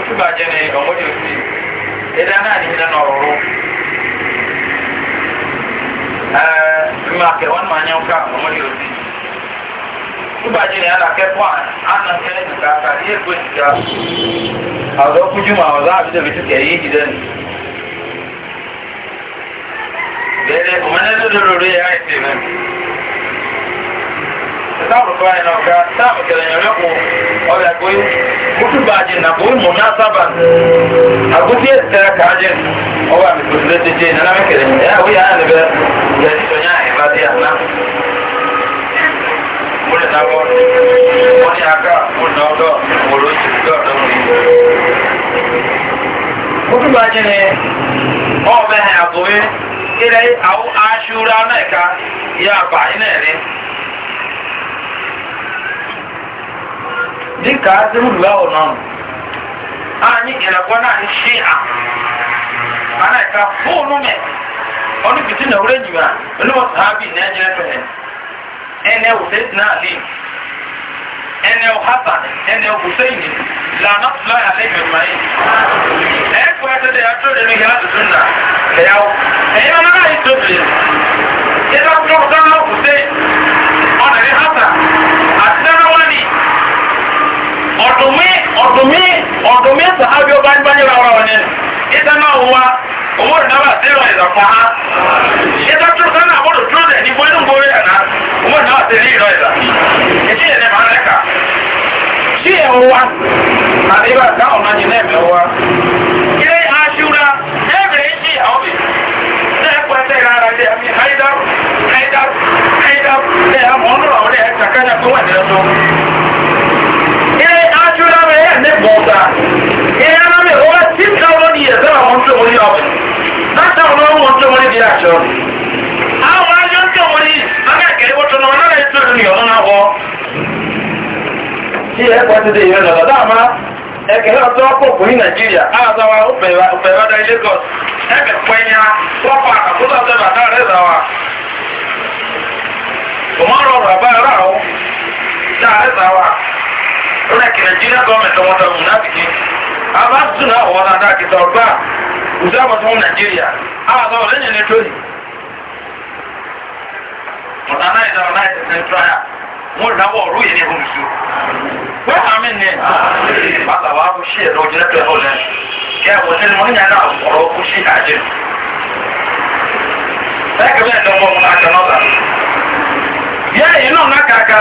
وتبع جنة أمودي إذا أنا هنا نورو mma ke wọn ma nyɛ nka ɔmo yɛ obi tuba gyi na yɛ lakɛ pɔ a ana nkɛ ne nika aka yɛ ko sika ɔdɔ kudu ma ɔdɔ abi dɛ bi kɛ yi di dɛ ni bɛrɛ ɔmo ne do do do mɛ sáàmù tó báyìí náà ká sáàmù kẹlẹ̀ yẹn lẹ́kọ̀ọ́ ọ̀rẹ́ àgbẹ̀ kútù bàjẹ́ nà bóyá mọ̀ náà sábà àgùtì ẹ̀sẹ̀ kájẹ́ ọwọ́ àmì tó tilẹ̀ tètè nana mi kẹlẹ̀ yẹn àwọn yàrá ni bẹ́ẹ̀ yẹn ti sọ̀nyá ẹ̀ bá dé àná. mo lè nà bọ́ mo ní aká iná ẹ̀rí. dịka azụmgbe ahụ nọ anyị ịlagwa naanị shi a na anaghịka fụụnụ mẹ ọnụ bìtì na wúrẹ́ nyìmá olùmọ̀ sàábì n'ẹ̀jẹ̀ ẹ̀fẹ̀ ẹ̀nẹ̀ ọ̀sẹ̀tìnà àlè ẹ̀nẹ̀ ọ̀hásán ẹ̀nẹ̀ ọ̀hùsẹ̀yìn lànà tùlọ̀ àlẹ́ ìmọ̀lẹ́ ẹ̀kọ́ ẹ̀sẹ̀ dẹ̀ yàtọ̀ lẹ́nu yàrá tuntun nà ẹ̀yàwó ẹ̀yà náà yìí tóbi yẹ ọdụmị e, ọdụmị e, ọdụmị e sahabi ọba nbanye rawara wani ịta na ọwụwa ụmụrụ na ba sịrị ọyịza kwa ha ịta tụrụ ka na abụrụ tụrụ dị n'igbo enu ngoro ya na ụmụrụ na ba sịrị ịrị ọyịza echi ya na-eme ara ka chi ya ụwa na ịba ka ọ na nyị na-eme ụwa ihe ashura ebere echi ya obi na-ekweta ịra ara dị ya mi haidar haidar haidar na ya ma ọ nụrụ ọrụ ya ka ya kọwa dị ọtọ bẹ́ẹ̀ ní mọ̀ọ́gà ìyá náà mi wọ́n ti ń tẹ́wọ́ ní ìyẹn sẹ́wà wọn tó wọlé ọ̀bẹ láti àwọn ọmọ wọn tó wọlé di àjọ. àwọn ajọ ń tẹ̀ wọlé lọ́nà ìkẹ́lẹ́ wọ́n tó náà lọ́nà ètò ìrìn ọ̀nà náà wọ́. tí ẹ pẹ́ ti dé ìrìn ọ̀nà dáàmà ẹkẹlẹ ọtọ ọkọọkọ ní nàìjíríà àtàwà òfèwádà ilégọs ẹkẹ pẹnya wọpa àkóso àtẹwà náà rẹ zàwà òmọrọ rọba ẹrọ àwọn dáa rẹ zàwà. ụlọ eke naijiria gọọmenti ọmọdé ọmụ na-abịghị abazụ na ọwụwa na adakị sọrọba ụzọ agbata ọmụ naijiria abazụ ọrụ enye na etoyi ọ̀nà náà ìdá na ìtẹ̀sẹ̀ tíráyà wọ́n ya àwọ̀ ọ̀rọ̀ yẹn ní ẹ̀hún ìṣú wọ́n àmì ní bàtàwà ó ṣí ẹ̀rọ jẹ́ pẹ̀lú ọ̀lẹ́ kẹ́ ẹ̀wọ̀n sẹ́ni wọ́n yàn náà ọ̀rọ̀ ó ṣí àjẹ́ bẹ́ẹ̀ kẹ́ bẹ́ẹ̀ dọ́gbọ́n yẹ́ yìí náà nákàkà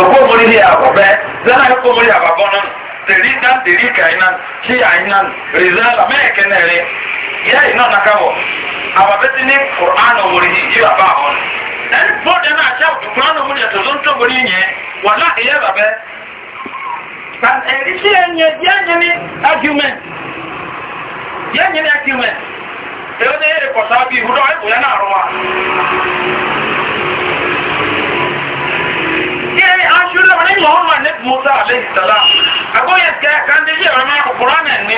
òkú omori ní àbọ̀bẹ́ zẹ́nà òkú omori àbàbọ̀ náà tèrí náà tèrí kàí náà ṣí àyí náà rìzẹ́lá mẹ́ẹ̀kẹ́ náà rí yẹ́ yìí náà nákàwọ̀ àbàbẹ́ ti ní kùránù omori yìí yìí bàbá àwọn ẹni bọ́ọ̀dẹ náà ṣe àwùjọ kùránù omori ẹ̀tọ́ tó ń tó borí yẹn wọ́n láì yẹ́ bàbẹ́ ẹ̀rí sí ẹ̀yẹ yẹ́ ní argument yẹ́ ní argument èyí ó ní yẹri aṣọ́lá wọn ní mọ̀ọ́mà ní musa aleyhi salam agbóyè kẹ kandi yẹ ọmọ ọkùnrin náà ní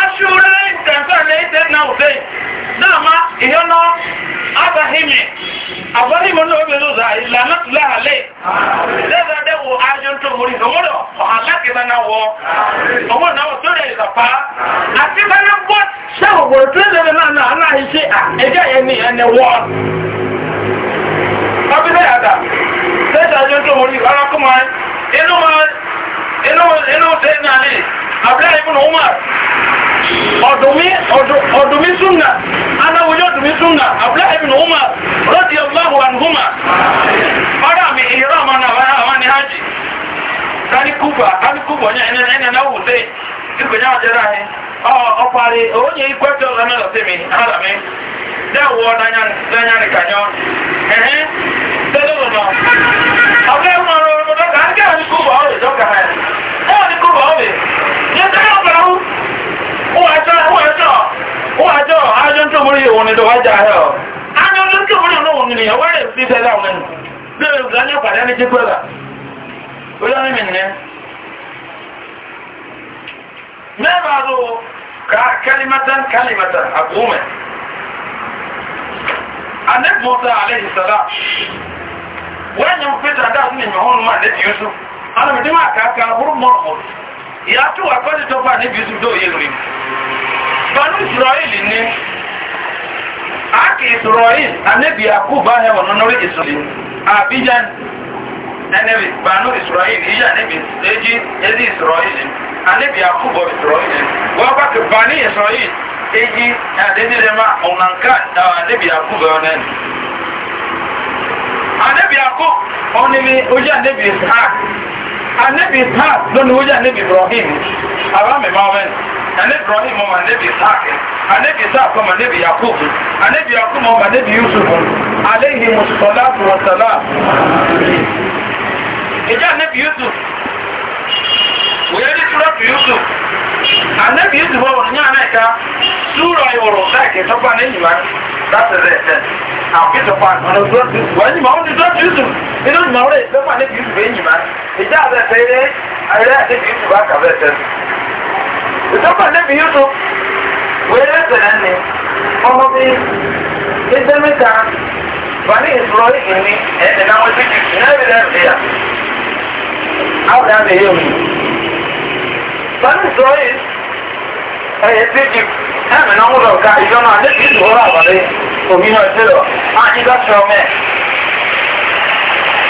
aṣọ́lá ìtẹ̀sọ́ ní ìtẹ̀ náà ọ̀dẹ́ náà má ìyọ́nà abahimi abahimi ní obìnrin ọ̀zà ìlànà tìlẹ̀ àlẹ́ lẹ́sà dẹ́wò aṣọ́ tó mórí ọmọdé ọ̀hánlá kìlá náà wọ ọmọ náà wọ sórí ìzàpá àti bẹ́ẹ̀ bọ́ sẹ́wọ̀ wọ̀ tó lẹ́lẹ́ náà náà aláìṣe ẹ̀jẹ̀ yẹn ni ẹni wọ́ ọbí náà yàtọ̀ lẹ́tà jẹ́ tó mọ̀ ní rárá kó máa inú inú tẹ́ náà ní abúlé ibùn umar ọ̀dùnmí ọ̀dùnmí súnà anáwòye ọ̀dùnmí súnà abúlé ibùn umar rọ́dí ọláhù anhuma fara mi ìrọ̀ ọmọ náà wáyé àwọn ní hajj tani kúbà tani kúbà ní ẹni ẹni náà wù sí ìgbìyànjú àjẹrà yẹn ọ̀pàrí òye ìkwẹ́tọ̀ ọ̀sán náà sí mi hálà mi dẹ́wọ̀ dányánì kanyọ́ ẹ̀hẹ́ kàhánì ẹ wọ́n ti kú bọ̀ ọ́bẹ̀ yẹn tẹ́ yọ bẹ̀rù wọ́n àjọ wọ́n àjọ wọ́n àjọ àjọ tó múrí ìwọ̀n ni lọ́wọ́ jà ẹ̀ ọ́ àjọ tó múrí ìwọ̀n ni ìyàwó rẹ̀ fi tẹ́lá wọn nù bẹ́ẹ̀ rẹ̀ gbọ́dọ̀ pàdé ní ti gbọ́dọ̀ ó yọ mí nìyẹn. mẹ́wàá ló ka kalimatan kalimatan àbúmẹ̀ anẹ́bùmọ́ta àlẹ́ ìsàlá wẹ́nyẹ̀ fẹ́ta dáa sí ana mede ma kaka huru mɔrɔmɔ ya tu akɔli tɔ fa ne bi su do ye lori banu israeli ni aki israeli anabi aku ba hɛ wɔn nɔnɔri israeli abijan ɛnɛbi banu israeli iya anabi eji edi israeli anabi aku bɔ israeli wɔba ke bani israeli eji adedi lɛ ma ɔnanka anabi aku bɔ anabi akọ ọni bi ojú anabi ishaq anabi ishaq lónìí ojú anabi ibrahim abamima ọbẹ anabi ibrahim ọmọ anabi ishaq anabi ishaq ọmọ anabi yakub anabi yakub ọmọ anabi yusuf aleyhi musalatu wasalam ìjà anabi yusuf wòye ní túrọ́pù yusuf anabi yi zuba wani nyɛ anaka suura yi wɔrɔ saa kɛ tɔgba ne nyima dasa dɛ dɛ a fi tɔgba ɔno dura tu wa nyima ɔno dura tu tu ɛna nyima wɔrɔ yi bɛfa ne bi yi zuba nyima ɛgya a bɛ fɛ yɛ ayɛlɛ a ne bi yi zuba aka bɛ fɛ tɔgba ne bi yi so wɔyɛ ɛsɛ nɛ ne ɔmo bi ɛdɛmɛ ta bani ìṣòro ìní ẹ̀ẹ́dẹ̀ náà wọ́n ti di ìnáwó rẹ̀ rẹ̀ ẹ̀yẹ péjì ẹ̀mẹ̀ náà múlò ká ìjọ náà lẹ́sìn ìdúró àbàlẹ̀ òbí náà ṣe lọ á ní lọ́sọ̀ mẹ́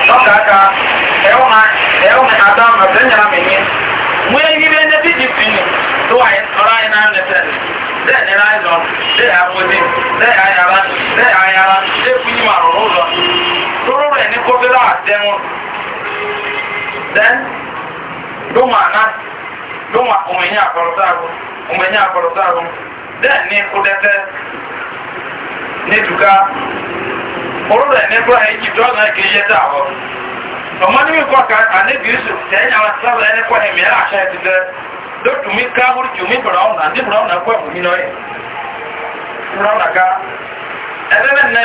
lọ́kàáka ẹ̀wọ̀n náà ẹ̀wọ̀n náà adá ọ̀nà tẹ́ nyàrá mi yín mú yẹn yí bẹ́ẹ̀ nẹ́bí jì fi tó wà ọ̀rá yẹn náà nẹ́tẹ̀ bẹ́ẹ̀ ni láì lọ bẹ́ẹ̀ àpòdì bẹ́ẹ̀ ayára bẹ́ẹ̀ ayára bẹ́ẹ̀ fún yín then ló mà ná ló mà òun yín umenye akɔrɔsaru dɛ ni kudɛtɛ ni duka olu dɛ ni kura yi jitɔ na ke yɛ ta awɔ ɔmɔ ni mi kɔ ka ani bi su tɛ nyala sábà ɛni kɔ ɛmi ɛla ahyɛ ti dɛ do tumi kahuri tumi brown na ndi brown na kɔ ɛmu hinɔ yɛ brown na ka ɛdɛ bɛ nɛ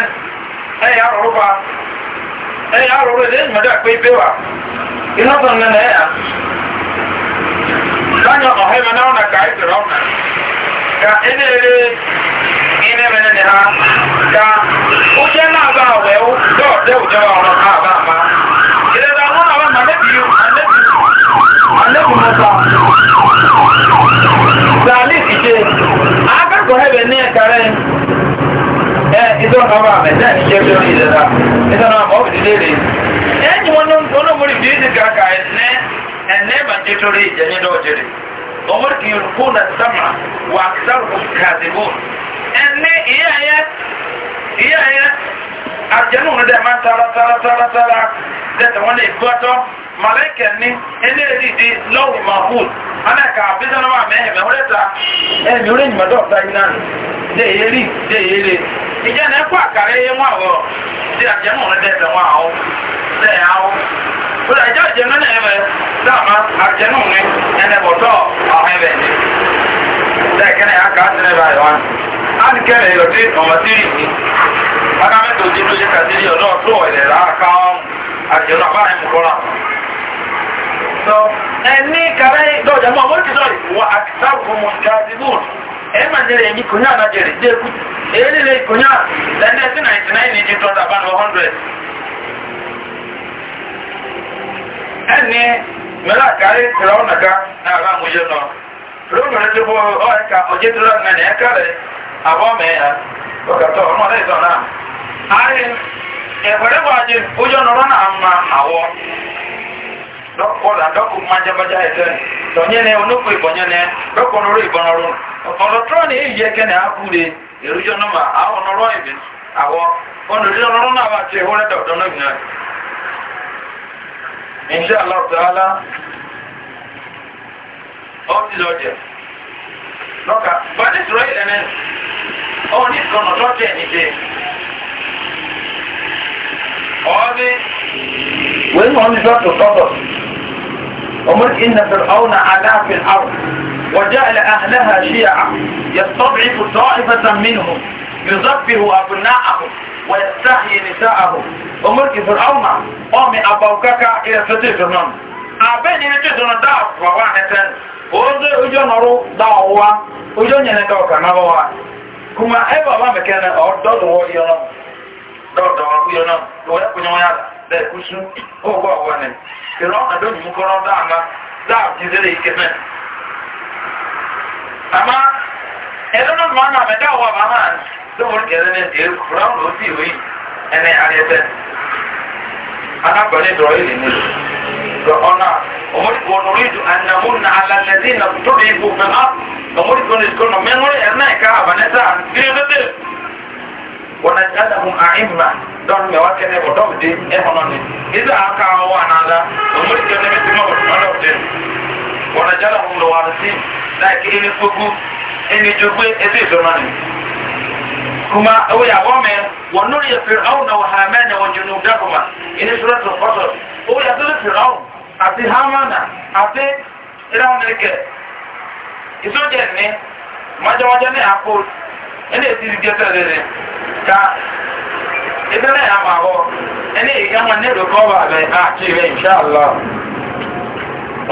ɛyɛ arɔrɔ ba ɛyɛ arɔrɔ yɛ ɛyɛ nyuma dɛ akpɛ ibe wa inɔ sɔn nɛ nɛ yɛ danya ọhịa na ọna ka anyị tụrụ ọna ka ị na-ere ime mere ne ha ka ụjọ na-aba wee dọọde ụjọ ọrụ na-aba ama ịrịba ọnụ na ọma mebi iwu anebu mụta sani ije akakọ hebe ne kare ẹ ìdọ́ ọba àmì náà ní ṣe fún ìdẹ́ta ìdọ́nà ọmọ òbí dídé rè é ẹ̀yìn wọn ló ń gbọ́nà mórí bí ìdí kàkà ẹ̀ ẹnẹ́bà nítorí ìjẹni lọ́jẹ̀rẹ̀ ọmọ kì í kú na sámà wà sárùkù kàdébò ẹni ìyá yẹ ìyá yẹ àjẹnù ní dẹ̀ máa tara tara tara tara dẹ̀tẹ̀ wọn lè gbọ́tọ́ màlẹ́kẹ̀ ní ẹni èdè ìdí lọ́wọ́ mahmood anaka abisana wa mẹ́hẹ̀ mẹ́wọ́lẹ́ ta ẹ̀mí orí ìyìnbọn dọ́ọ̀ta yìí náà dẹ̀ yé rí dẹ̀ yé lé ìjẹ́ ní ẹ̀kọ́ àkàrẹ́ yé wọn àwọ̀ dẹ̀ àjẹnù ní dẹ̀ so that just the man ever that man afternoon and the bottle of heaven that can I a never I want and can I your day on my series akamẹ tó di lóye kàdé yọ náà tó ọ̀lẹ̀ rà káwọn àjẹnú àbáyé mú kọ́ra. sọ ẹni kàrẹ́ dọ̀jà mọ́ wọ́n ti sọ̀rọ̀ wọ àkìtàbù mọ́ gàdìbù ẹ máa ń yẹrẹ ẹni kò ní àná jẹrẹ dé kú èyí lè kò ní à lẹ́ni ẹtí náìtì náìtì ní ju tọ́ta bá ní one hundred. ẹni mẹ́lá kárí ìrọ̀ nàga náà bá mú yé nọ. lóòrùn rẹ̀ tó bọ́ ọ ẹ̀ka ọjẹ́ tó lọ́nà ní ẹ̀ka rẹ̀ àbọ̀ mẹ́ẹ̀ẹ́ ọkàtọ̀ ọmọ rẹ̀ tọ̀ náà. ààrẹ ẹ̀fẹ̀rẹ̀ bọ̀ ajé ojú ọ̀nà ọ̀nà àmà àwọ̀ dọ́kọ̀lá dọ́kọ̀ májábájá ẹ̀tẹ́ tọ̀nyẹ́nẹ́ onókò ìbọ̀nyẹ́nẹ́ dọ́kọ̀ lórí ìbọn ọ̀run ọ̀rọ̀ tọ́ ni èyí ẹ̀kẹ́ ní àbúrè èrújọ́ náà àwọn ọ̀nà ọ̀rọ̀ ìbí àwọ̀ ọ̀nà ìdílọ́rọ̀ náà wà tí ìhórẹ́dọ̀ ọ̀dọ́ náà insha allah ta'ala all these look at but this this right and then israel ẹ̀mẹ́ ọ̀hún ní kan ọ̀tọ́ tẹ̀ níṣẹ́ ọ̀ọ́bí wẹ́n wọ́n ní sọ́tò sọ́tò ومن إن فرعون علا في الأرض وجعل أهلها شيعا يستضعف طائفة منهم يذبه أبناءهم ويستحيي نساءهم o omoriki fir'auna omi abaukaka ila sote fir'auna abeni ni tuzo na da wa wa neten ozo ujo noru da wa ujo nyene da ka na wa kuma eba ba mekene o do do wo yo no do do wo yo no do ya kunya ya da kusu o gwa wa ne fir'auna do ni mu ko da na da jizere ikene ama edono mana me da wa ba man do mo kere ne e fir'auna o ti wi ene arete anabale dɔrɔn yi ni do ɔna ɔmɔdi ko nori do anamu na alalɛdi na to de ibu fɛ ha ɔmɔdi ko nori ko nɔ mɛ ŋɔri ɛrɛ n'a yi ka abanɛ ta kiri tete wɔna adamu ahima dɔn mɛ wa kɛnɛ bɔ dɔn de ɛhɔnɔ ni iza aka awɔ anada ɔmɔdi ko nɛmɛ ti ma bɔ ɔdɔ de wɔna jala ŋun do warisi n'a yi kiri ni fogu ɛni jogbe ɛdi dɔnna ni kuma o yà wɔ mɛ. ونري فرعون وهامان وجنودهما إن سورة القصر هو يقول فرعون أتي هامان أتي إلهون لك إذا جاني ما جوا جاني أقول إن إتي جاتا لذي كا إذا لا يعمى هو إن إيجاما نيرو كوبا بي أعجيب إن شاء الله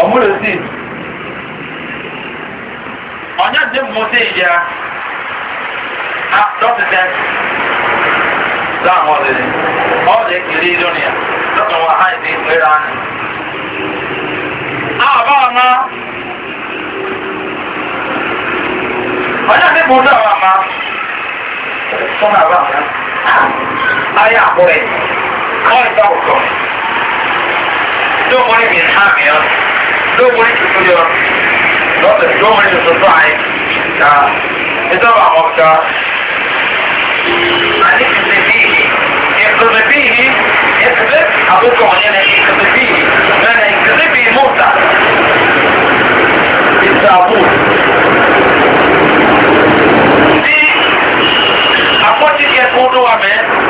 أمور الزيد أنا جم موسيجا أه دوت dáhùn ọ̀rẹ́ rẹ̀ ọ̀rẹ́ kiri lónìí lọ́dọ̀ wọn àhán ìdí ìpínlẹ̀ àná. àbá ọ̀nà ọjọ́ ìdìbò dọ̀ wà má sọ́nà àbá ọ̀nà ayé àkúrẹ́ ọ̀rẹ́ ìdáwọ̀tọ̀ lóòmọ́ ní mìíràn hàn mìíràn lóòmọ́ ní tuntun yọ lọ́dọ̀ lóòmọ́ ní tuntun tó àyè ká ìdáwọ̀ àwọn ọ̀gá تضبيه اثبت اقولكم علينا ايه تضبيه معنى اكذبي موتى التعبود دي اقوتي كيف موضوع من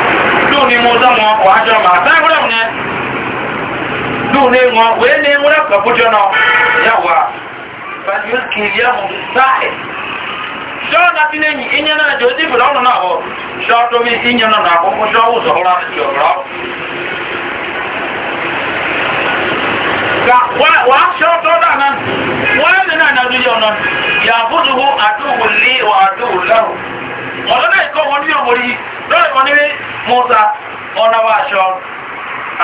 دوني موضوع مواقع جمع تعبونا من دوني مواقع وين مواقع بجنا يوا فليلقي اليوم بالساحل sọ́ọ́ na ti lẹ́yìn ìyẹn náà jẹ́ ojú ìbìlẹ̀ ọ̀nà náà wọ̀ sọ́ọ́ tó bí ìyẹn náà àkọ́kọ́ sọ́ọ́ wù sọ́ọ́ láti ti ọ̀rọ̀. wàá sọ́ọ́ tó dà náà wọ́n ní náà náà lóye ọ̀nà yàgùdùwò àdúgbò lé wà àdúgbò lẹ́rù. ọ̀dọ́ náà ikọ̀ wọn ní ọmọ yìí lọ́ọ̀rẹ́ wọn ní mọ́ta ọ̀nà wa aṣọ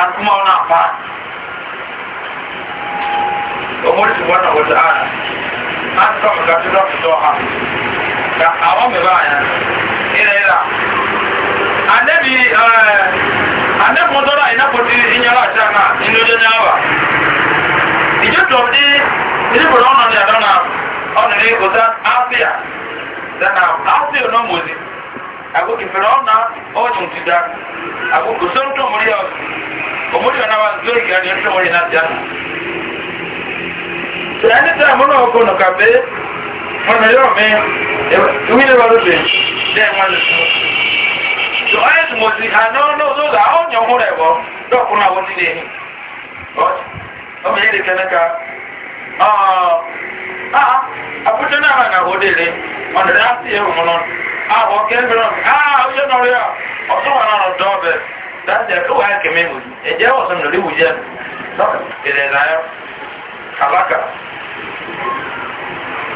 àtúmọ̀ ọ̀nà àpá. ọmọ yìí ti wọ́n náà wọ́n ti ka àwọn mẹ́bàá yẹn ina. ìlà anẹ́bi anẹ́kùntọ́rọ̀ ìnákòtì ìyára àti àná inú ilé ní àwà ìjọ́tọ̀ ní ìdíbòrò ọ̀nà ní àdánà ọ̀nà ní ọ̀sán áfíà dana áfíà náà mọ̀ọ́sí agogo fẹrẹ ọna ọnyọ ti da agogo sọ ntọ mọri ya ọmọdé ọna wa zoro ìgbà ni ntọ mọri na ti àná. sọ ẹni tẹ àmúnà ọkọ nù kàfé ọ̀nà yóò mi ìwé ìlú ọdún lè dẹ́ wọn lè fún un. tó ayé tí mo ti àná lóòótọ́ là ó yàn hún rẹ̀ wọ́ dọ́kun náà wọ́n ti lè ní. ọmọ yìí lè kẹ́lẹ́ ka àbújá náà máa nà ó délé ọ̀nà rẹ̀ á ah yẹ òun náà. ah kẹ́lẹ́ náà ah ó yẹ náà ah à ọ̀tún wà náà dọ́ ọbẹ̀ dáadáa kó wàá kẹ́mẹ́ wòlíì ẹ̀jẹ̀ wọ̀ sọ̀rọ̀ lórí wòlíì ẹ̀ lọ́kàn ìrẹ̀ láyọ̀ kàlákà.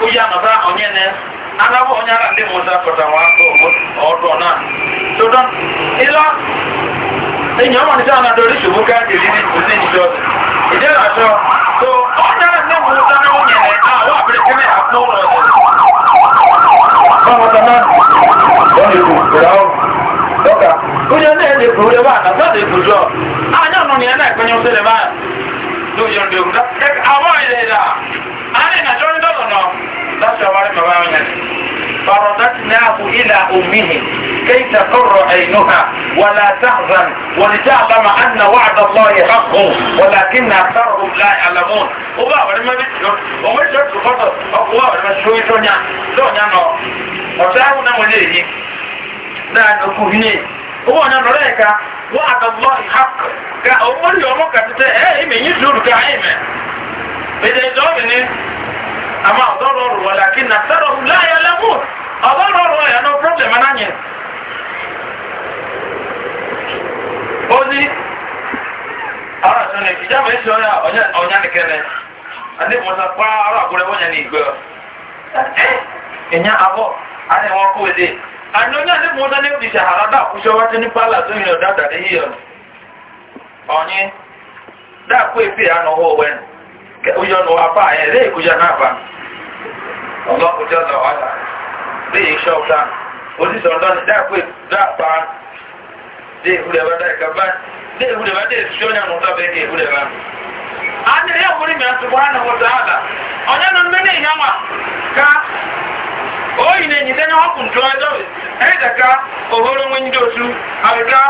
ụjọ anọba onye na anabụ onye ara ndị mmụta kọtawa ọdụ na tụdọ ịla enyi ọmọ nìjọ na dori ṣubú ká kiri ní ìtúsí ìjọ ìjọ àṣọ tó onye ara ndị mmụta na onye na àwọn abiri kiri àpò ụlọ ọdụ ọmọdé náà lọ́nà ìlú ìrà ọ̀rùn lọ́kà onye na-ele kuru ebe a na sọ́dọ̀ ìkùjọ anya nọ na ya na-ekwenye ụsọ ebe a n'ụjọ ndị ogun ka àwọn ilẹ̀ ìlà anyị na chọrọ ọ̀nà فرددناه إلى أمه كي تقر عينها ولا تحزن ولتعلم أن وعد الله حق ولكن أكثرهم لا يعلمون وبا أقوى شوي لا نكوهني هو أنا نريك وعد الله حق كأمر يومك تتعلم بدأ ama ọdọrọ ọrụ ọrụ akínà sọrọ ọhún láàyè lẹwọ ọdọrọ ọrụ ọrụ ọrụ problem ọrụ ọrụ ọrụ ara sọ ọrụ ọrụ ọrụ ọrụ ọrụ ọrụ ọrụ ọrụ ọrụ ara ọrụ ọrụ ọrụ ọrụ ọrụ onye ojọ́nu apá ẹ̀rẹ́ ìkójá náà bá ọlọ́kùnjọ́ lọ wá dà bí iṣẹ́ ọ̀dà oníṣẹ́ ọ̀dọ́ ni dáàpẹ́ dáàpá dé ìhúdẹ̀bá dáìkàbá dé ìhúdẹ̀bá dé ìṣọ́nyà nùtọ́ bẹ́ẹ̀ dé ìhúdẹ̀bá. a ní ilé ìwúrí mi àti wàhánà wọ́n dà á dà ọ̀nyẹ́ nu mi ní ìyáwà ká oyin ne nyide ne wakun to ajo e da ka ohoro nwen do su abika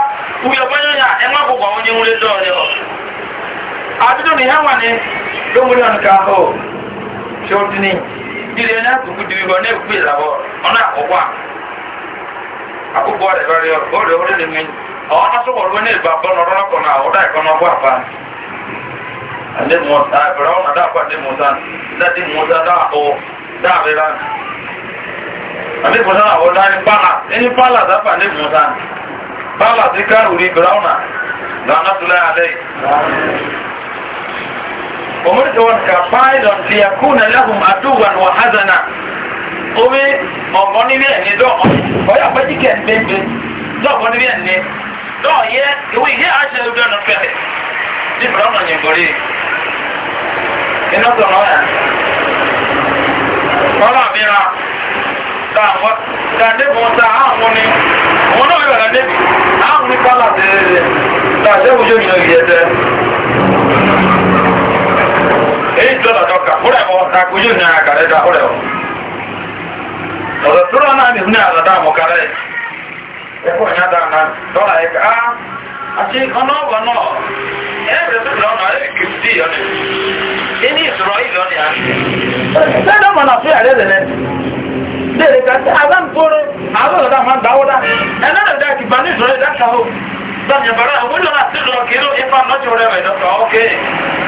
uyo banyo ya e ma bo gwa onye nwure do re o abido ni hawa ne tó múlí ọ̀nà kan hó ṣé o ti ní ìdílé ní àtúkù dìbò ìbọn ní èkú ìlàbọ̀ ọ̀nà àkọ́kọ́ àkókò ọ̀rẹ́ rẹ̀ ọ̀rẹ́ ọ̀rẹ́ lè mú ọ̀nà sọ̀rọ̀ wọn ní ìbá bọ́ọ̀nù ọ̀rọ̀ kan náà ọ̀dà ìkànnà ọgbà pa àdémùsá da ọ̀nà dáàbà àdémùsá dáàdémùsá dáàbò dáàbẹ̀rẹ̀ àdémùsá àwọn dáàbà ní pálà ẹni pálà dáàbà àdémùsá pálà sí kárù rí ìbẹ̀rẹ̀ ọ̀nà lọ́nà tó lẹ́ ومرت ورك فايدا ليكون لهم عدوا وحزنا omi ọ̀gbọ́n níbi ẹ̀ní dọ́ ọ̀yà pẹ́jì kẹ́ẹ̀ẹ́dẹ́gbẹ́ dọ́ọ̀gbọ́n níbi ẹ̀ní dọ́ọ̀ yẹ ìwé ìyẹ́ àṣẹ ìwé ọ̀nà fẹ́lẹ̀ nípa ọ̀nà yìnbọ̀rí iná tọ̀nà ọ̀yà kọ́lá mìíràn dáàbọ̀ dáàdébọ̀ ta àwọn ni òun náà yọ̀ọ̀lá débi àwọn ní kọ́lá tẹ̀lé rẹ̀ dáàdébọ̀ yóò yọ̀ yẹ̀ tẹ̀ èyí tó lọ́dọ̀ kà fúrẹ̀ wọ takojú ní àkàrẹ́ ta fúrẹ̀ wọ. ọ̀dọ̀ tó rọ̀ náà nìhun ní àdàdà àmọ̀kárẹ́ ẹ̀kọ́ ìyá dáadáa lọ́la ẹ̀ka á àti ọ̀nà ọ̀gbọ̀n náà ẹ̀rẹ́ tó lọ́nà ẹ̀rẹ́ kìrìtì yọ̀nì ẹni ìṣòro ìlọ́nì àti. sẹ́dọ̀ mọ̀nà fún ìyàrá ẹ̀rẹ́ léèrè ká sí àbá nkóró àbá ọ̀dà máa àwọn olùrànà